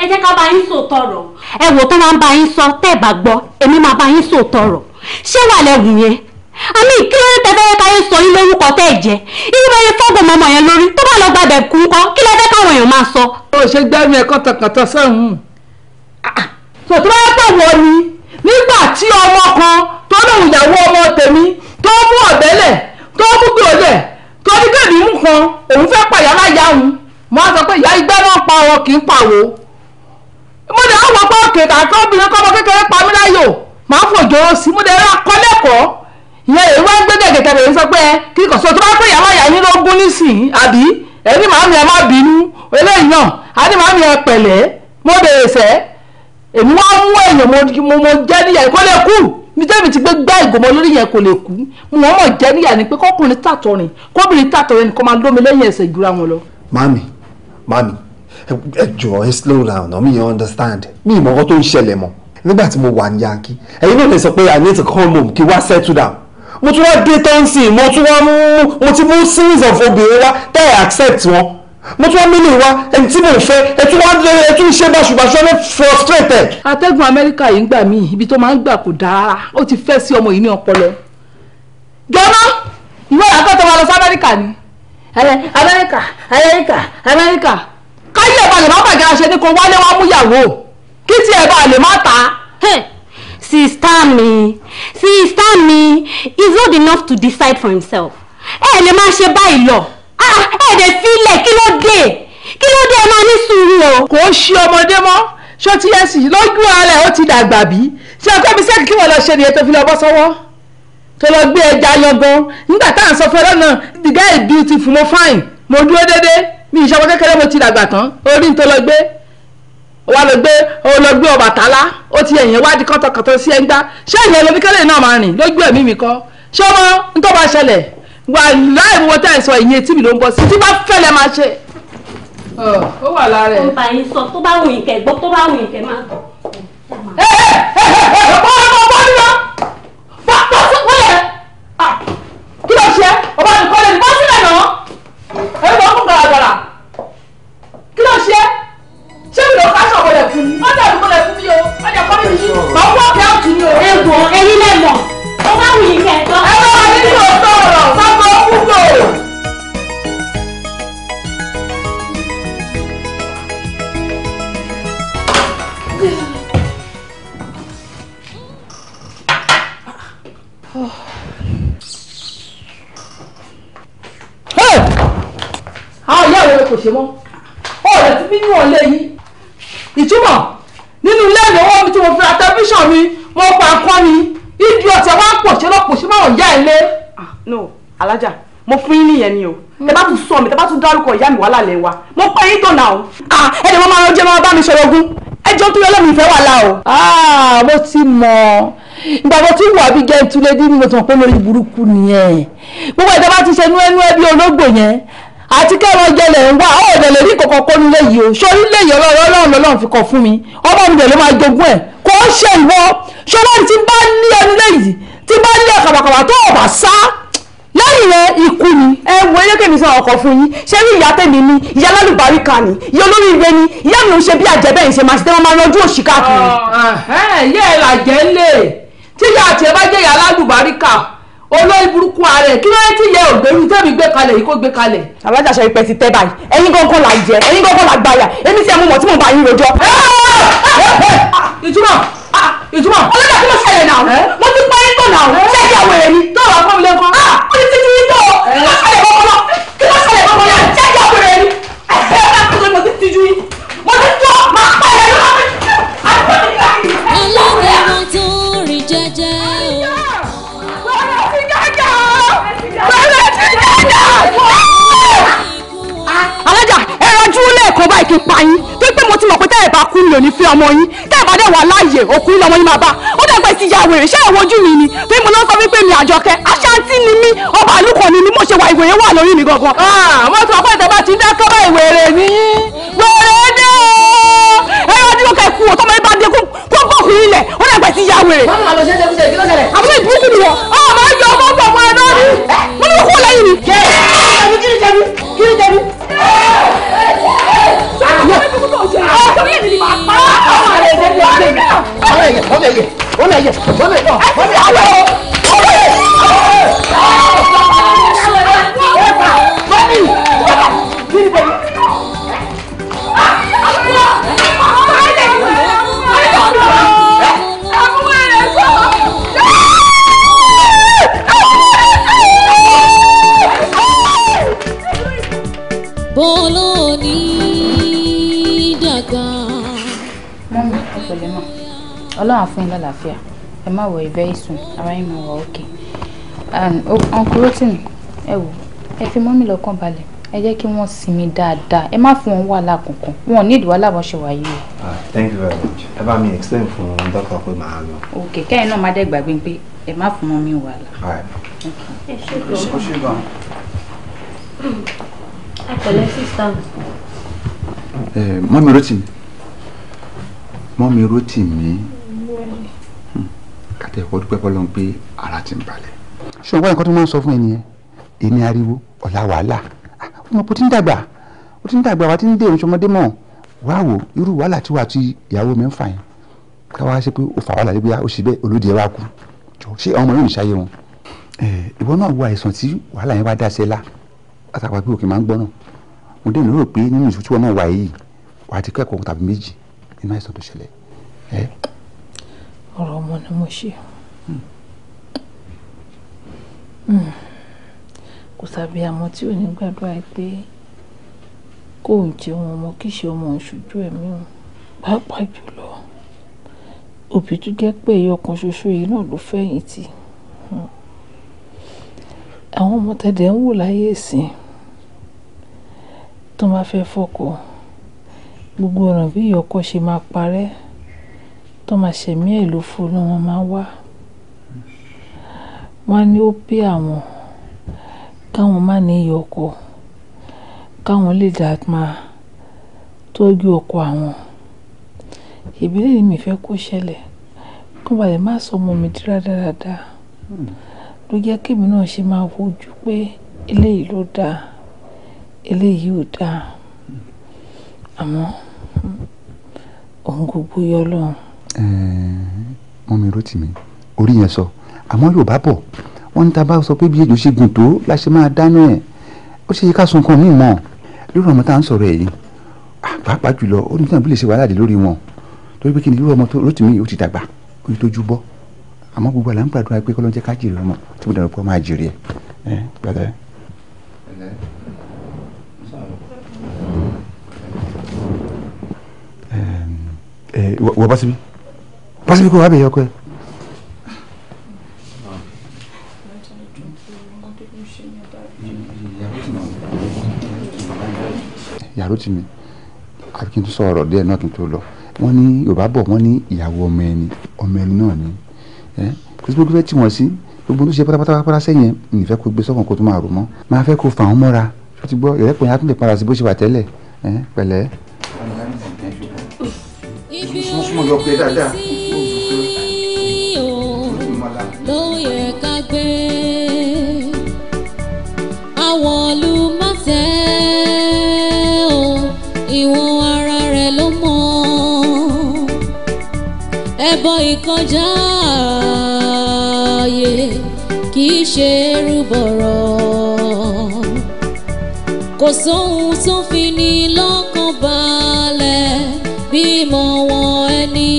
ẹ jẹ́ ká bá yín sọ tọrọ. ẹ wò tó máa ń bá yín sọ tẹ́ ẹ bá gbọ́ èmi máa bá yín sọ tọrọ ṣé wà lẹ́wù yẹn àmì kí ló ń tẹ fẹ́rẹ́ káyé sọ yín lórúkọ tẹ́ ẹ jẹ irú bẹ́ẹ̀ fọ́gbọ̀n mọ́mọ́ yẹn lórí tó bá lọ gbàbẹ̀ kú kọ́ kí lẹ fẹ́ káwọn èèyàn máa sọ. o ṣe gbẹ́mí ẹ̀kọ́ tọkàntọ́ sẹ́hùn hmm so tó bá pọ̀ wọ ni nígbà tí ọmọ kan tó lóun ìyàwó ọmọ tèmi tó mú ọ̀bẹ́lẹ̀ tó mú gbòòlẹ̀ tó ní kébì mú kan òun fẹ́ pàyà láyà òun mo á sọ pé ìyá igbá náà pa ọ kì í pàwọ́ mo dẹ̀ á wọ pé òkè tàkọ́ obìnrin kọ́mọ kékeré pa mí láyò màá fòjò sí mo dẹ̀ rà kọ́ lẹ́kọ̀ọ́ ìyẹn èyí wá ń gbé gẹ̀gẹ̀tẹ̀ bẹ̀rẹ̀ sọ pé kí kò sọ tó bá pé ìyàwó àyà yín ló ń gún nísìnyí àbí ẹni màámi ẹ má bínú eléyìí náà àní màámi ẹ pẹ̀lẹ́ mo bèrè sẹ́ẹ́ èmi wá mú èèyàn mo mo jẹ́ níyà kó lè kú ní ti gbé gbá ìgòmọ lórí yẹn kò lè kú mo mọ̀ jẹ́ níyà ni pé kọ́kùnrin tàtọ̀rìn kóbìnrin tàtọ̀rìn nìkan máa lómi lẹ́yìn ẹsẹ̀ ìgbéra wọn lọ. mami mami ẹ jọ̀ọ́ ẹ slow down na mi yẹn understand mi ìmọ̀ ọkọ tó ń ṣẹlẹ̀ mọ́ nígbà tí mo wà ní yankí ẹ̀yin náà lè sọ pé i need to come home kí wá settle down mo tún wá dé tọ́ǹsì mo tún wá mú mo ti mú series of obìnrin wá tẹ́ ẹ̀ accept wọn mo tún wá mílì wá ẹni tí mo fẹ́ ẹ tún wá ẹ tún ṣe báṣubàṣu ẹ frustrated. atẹ́gùn amẹ́ríkà yìí ń gbà mí ibi tó máa ń gbà kò dáa ó ti fẹ́ sí ọmọ yìí ní ọpọlọ. jọ́nà ìwé ìyàtọ̀ tó máa lọ sí amẹ́ríkà ni amẹ́ríkà amẹ́ríkà amẹ́ríkà káyé ẹ̀ bá lè má bàjẹ́ aṣẹ ní kó wálé wá múyàwó kí tí ẹ̀ bá lè má ta sista mi sista mi is not enough to decide for himself ẹ lè má ṣe báyìí lọ. Ah, ẹ̀ẹ́dẹ̀ filẹ̀ kí ló dé kí ló dé ẹ máa ní sùúrù o. kò ṣe ọmọdé mọ́ ṣó ti yẹ sí lójú ara ẹ̀ ó ti dàgbà bí ṣé ọkọ mi sẹ́kì kí wọ́n lọ ṣe nìyẹn tó fi lọ bọ́ sọ́wọ́ tó lọ gbé ẹja yangan nígbà tá à ń sọ fẹ́rẹ́ náà the guy is beautiful mo fine mo dúró dédé mi ìṣọwọ kékeré mo ti dàgbà tán orí tó lọ gbé wa lọ gbé lọ gbé Ọbàtálá ó ti ẹ̀yìn wá di kọ́tọ̀kọ́tọ̀ sí ẹ̀ ń gbá ṣé ìyẹn lomikẹ́lẹ́ náà máa rìn lójú ẹ̀mí mi kọ́ ṣé ọmọ ń tó bá ṣẹlẹ̀ wàláì mo tẹ́ ẹ̀ sọ ìyẹn tí mi ló ń bọ̀ sí tí bá fẹ́lẹ̀ máa ṣe. ó wà lára ẹ̀. ó ń bá sọ tó bá wù yín gbọ́ tó bá wù yín máa tọ̀. ìyá mi wà lálẹ́ wa mo pẹ́ yín tó náà à ẹni mo máa rọjẹ́ máa bá mi ṣe ogún ẹjọ́ tó yẹ lẹ́mìí ìfẹ́ wà láà mo ti mọ ìgbà mo ti wọ Abigail Túndé ní mo ti mọ pé lórí burúkú nìyẹn gbogbo ìjọba ti ṣe nú ẹnu ẹbí ológbò yẹn àti kẹwọn jẹlẹ ń wá ọ̀dẹ̀ lè rí kọ̀kọ̀ kó nílé yìí o sórí lè yẹ ọlọ́run ọlọ́run lọ́lọ́run fi kọ̀ fún mi ọmọ mi dẹ̀ ló máa jogún ẹ̀ kó o ṣe ìwọ ṣọlá ti bá ní ẹnu lẹ́yìn ti bá ní ẹ̀kàbàkàbà tó ọ̀bà sá lẹ́yìn rẹ̀ ikú ni ẹ wo eléke mi sọ ọkọ̀ fún yín ṣé rí ìyá tèmi ni ìyá lálùbárí kan ni ìyá olórí ire ni ìyá mi ò ṣe bí àjẹ́ bẹ́ẹ̀ ṣe máa ṣe tẹ́wọ́n máa yanjú òṣì káàkiri. ìyá ẹ̀ làjẹ́ ń lè tíyà àti ẹ bá jẹ́ ìyá lálùbárí kà olórí burúkú ààrẹ kí ló dé tí ìyá ògbérú tẹ́mi gbé kalẹ̀ yìí kó gbé kalẹ̀. alájà ṣe ipẹ ti tẹ báyìí ẹ̀yin gángan là ń jẹ ẹ̀yin gángan là ń gbàyà èmi nà ó ṣé kí àwọn èrè ni tó fún mi lẹ́kọ̀ọ́ ah ó ti títí yín tó o kí ló ṣẹlẹ̀ kọ́kọ́rọ́ kí ló ṣẹlẹ̀ kọ́kọ́rọ́ ṣé kí àwọn èrè ni ẹ̀fẹ́ bá tó lọ sí títí yín mo ti tó máa pa ẹ̀rọ ọlọ́run tó rìn jẹ́jẹ́ o. bẹ́ẹ̀ ti dájà bẹ́ẹ̀ ti dájà. alájà ẹ̀rọ júlẹ̀ ẹ̀kọ́ báyìí kí pa yín tó pé mo ti mọ̀ pé tẹ́lẹ̀ dẹ̀ wà láàyè òkú lọ́mọ yín máa bá ó dẹ̀gbẹ́ ti ya wèrè ṣé ìwọ ojú mi ni bí mo lọ sọ wípé mi àjọkẹ́ aṣáájú ni mí ọba àlùkò ni mí mo ṣe wà ìwòye wà lórí mi gangan. àwọn tó ọkọ ìtẹ́ bá ti dá kọ́bá ìwèrè ní wèrè dé o ẹ̀rọ ọdún kẹ́ kú ọ̀tọ́ mẹ́rin bá dé kó kó kú ilẹ̀ ó dẹ̀gbẹ́ ti ya wèrè. báwo ló ṣe é ṣe fún ṣe kí ló àbúrò ìbúrúkú ọlẹ́yẹ ọlẹ́yẹ ọlẹ́yẹ ọlẹ́yẹ ọlẹ́yẹ ọlẹ́yẹ. ọlọ́run àfún yín lálàáfíà ẹ má wọ̀ very soon ara yín máa wà òkè oh, uncle Rotimi ẹ wò ẹ fi mọ́mí lọ́kàn balẹ̀ ẹ jẹ́ kí wọ́n sinmi dáadáa ẹ má fún wọn wàhálà kankan wọn ò ní ìdíwọ́ láwọn ṣe wáyé o. Ah, thank you very much ẹ bá mi explain fún dókítà pé màá lọ. ok kẹ́yìn náà má dẹ́ gbàgbé pé ẹ má fún mọ́mí wàhálà. ẹ ṣe gan. ẹ pẹ̀lẹ́ sísá. Eh, mọ́mí Rotimi mọ́mí Rotimi kàtẹ́ ìwọ dúpẹ́ fọlọ́ pé ara ti ń balẹ̀. ṣùgbọ́n nǹkan tó máa ń sọ fún ẹ nìyẹn èmi ariwo ọ̀la wàhálà ọmọ kò tí ń dàgbà ó ti ń dàgbà wa ti ń dé ìrìnsọmọdé mọ̀ wá wò irú wàhálà tí wà á ti ìyàwó mi ń fà yẹn káwá ṣe pé ó fà wàhálà lébi ó sì bẹ́ẹ̀ olódìẹ wa kú ṣé ọmọ yóò ní ṣáyé wọn. ìwọ náà wo àìsàn tí wàhálà yẹn wá dá lá àtàwọn àgbẹ̀ òkè máa ń gbọ́ náà mo dé ìnáwó pé nínú ìṣòtúwọ̀ náà wà yìí wà á ti kẹ́kọ̀ọ́ tàbí méjì nínú àìsàn tó ṣẹlẹ̀ ọ̀rọ̀ ọmọ ni mo ṣe hmm. Hmm. kò sàbí àmọ́ tí ò ní gbàdúrà pé kò ń jẹun ọmọ kì í ṣe ọmọ ìṣojú ẹ̀mí o pàápàá jùlọ òbí tó jẹ́ pé ẹyọ kan ṣoṣo yìí náà ló fẹ̀yìntì hmm. àwọn ọmọ tẹ̀dẹ̀ ń wò láyé ìsìn tó máa fẹ́ fọkọ gbogbo ọ̀ràn bí ìyọkọ ṣe máa parẹ́ tó máa ṣẹ̀mí ẹ̀ lófo ló wọn máa wá wọ́n ní ó pé àwọn káwọn má ní iye ọkọ káwọn lè dá máa tọ́jú ọkọ àwọn ìbílẹ̀ ni mi fẹ́ kó ṣẹlẹ̀ kó ba lè má sọ ọmọ mi di rádaràda ló jẹ́ kí náà ṣe máa wojú pé eléyìí ló dáa eléyìí ò dáa àmọ́ ohun gbogbo yọ lọ́run mọ́mi Rótìmí orí yẹn sọ àmọ́ Yorùbá bọ̀ wọ́n ní tábà sọ pé bí ejò ṣe gùn tó la ṣe máa dáná ẹ̀ ó ṣe yẹ ká sun nǹkan míì mọ́ lórí ọmọ tá à ń sọ̀rọ̀ ẹ̀ yìí pàápàá jùlọ ó ní tí nàbí lè ṣe wàhálà dé lórí wọn torí pé kí ni lórí ọmọ Rótìmí ó ti dàgbà ó ti tójú bọ́ àmọ́ gbogbo àlà ń gbàdúrà pé kọ́lọ́njẹ́ ká jèrè ọmọ tí mo dàrú pé ọmọ àjèrè ẹ̀ wọ́n bá síbí pásítọ̀ kò wá bẹ̀yẹ ọkọ ẹ. yàrá tì mí àbí kí n tún sọ ọ̀rọ̀ díẹ̀ náà kí n tó lọ wọ́n ní yorùbá bọ̀ wọ́n ní ìyàwó ọmọ ẹni ọmọ ẹni náà ni kò sí gbogbo fẹ́ tì wọ́n sí gbogbo tó ṣe pátápátá pátá sẹ́yìn nìfẹ́ kó gbé sọ́kàn kó tó máa rò mọ́ máa fẹ́ kó fà wọ́n mọ́ra tó ti gbọ́ ìrẹ́pọ̀ yẹn á tún para sí bó ṣe wà tẹ́lẹ̀ pẹ̀lẹ́. ibi orí mi sí. ẹbọ ìkọjá ààyè kì í ṣe rúbọ̀rọ̀ kò sóhun tó fi ní lọ́kàn balẹ̀ bímọ wọn ẹni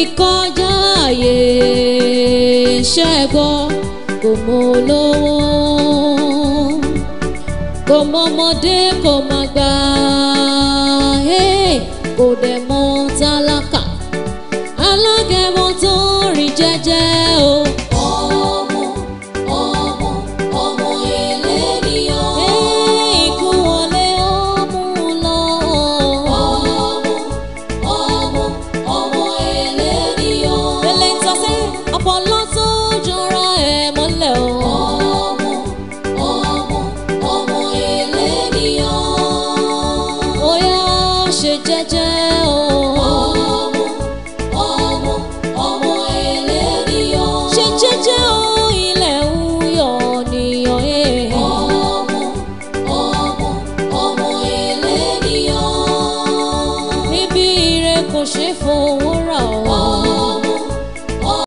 ìkọjá ààyè ṣẹ́gbọ́ kò mọ olówó kò mọ ọmọdé kò má gbà kò dẹ̀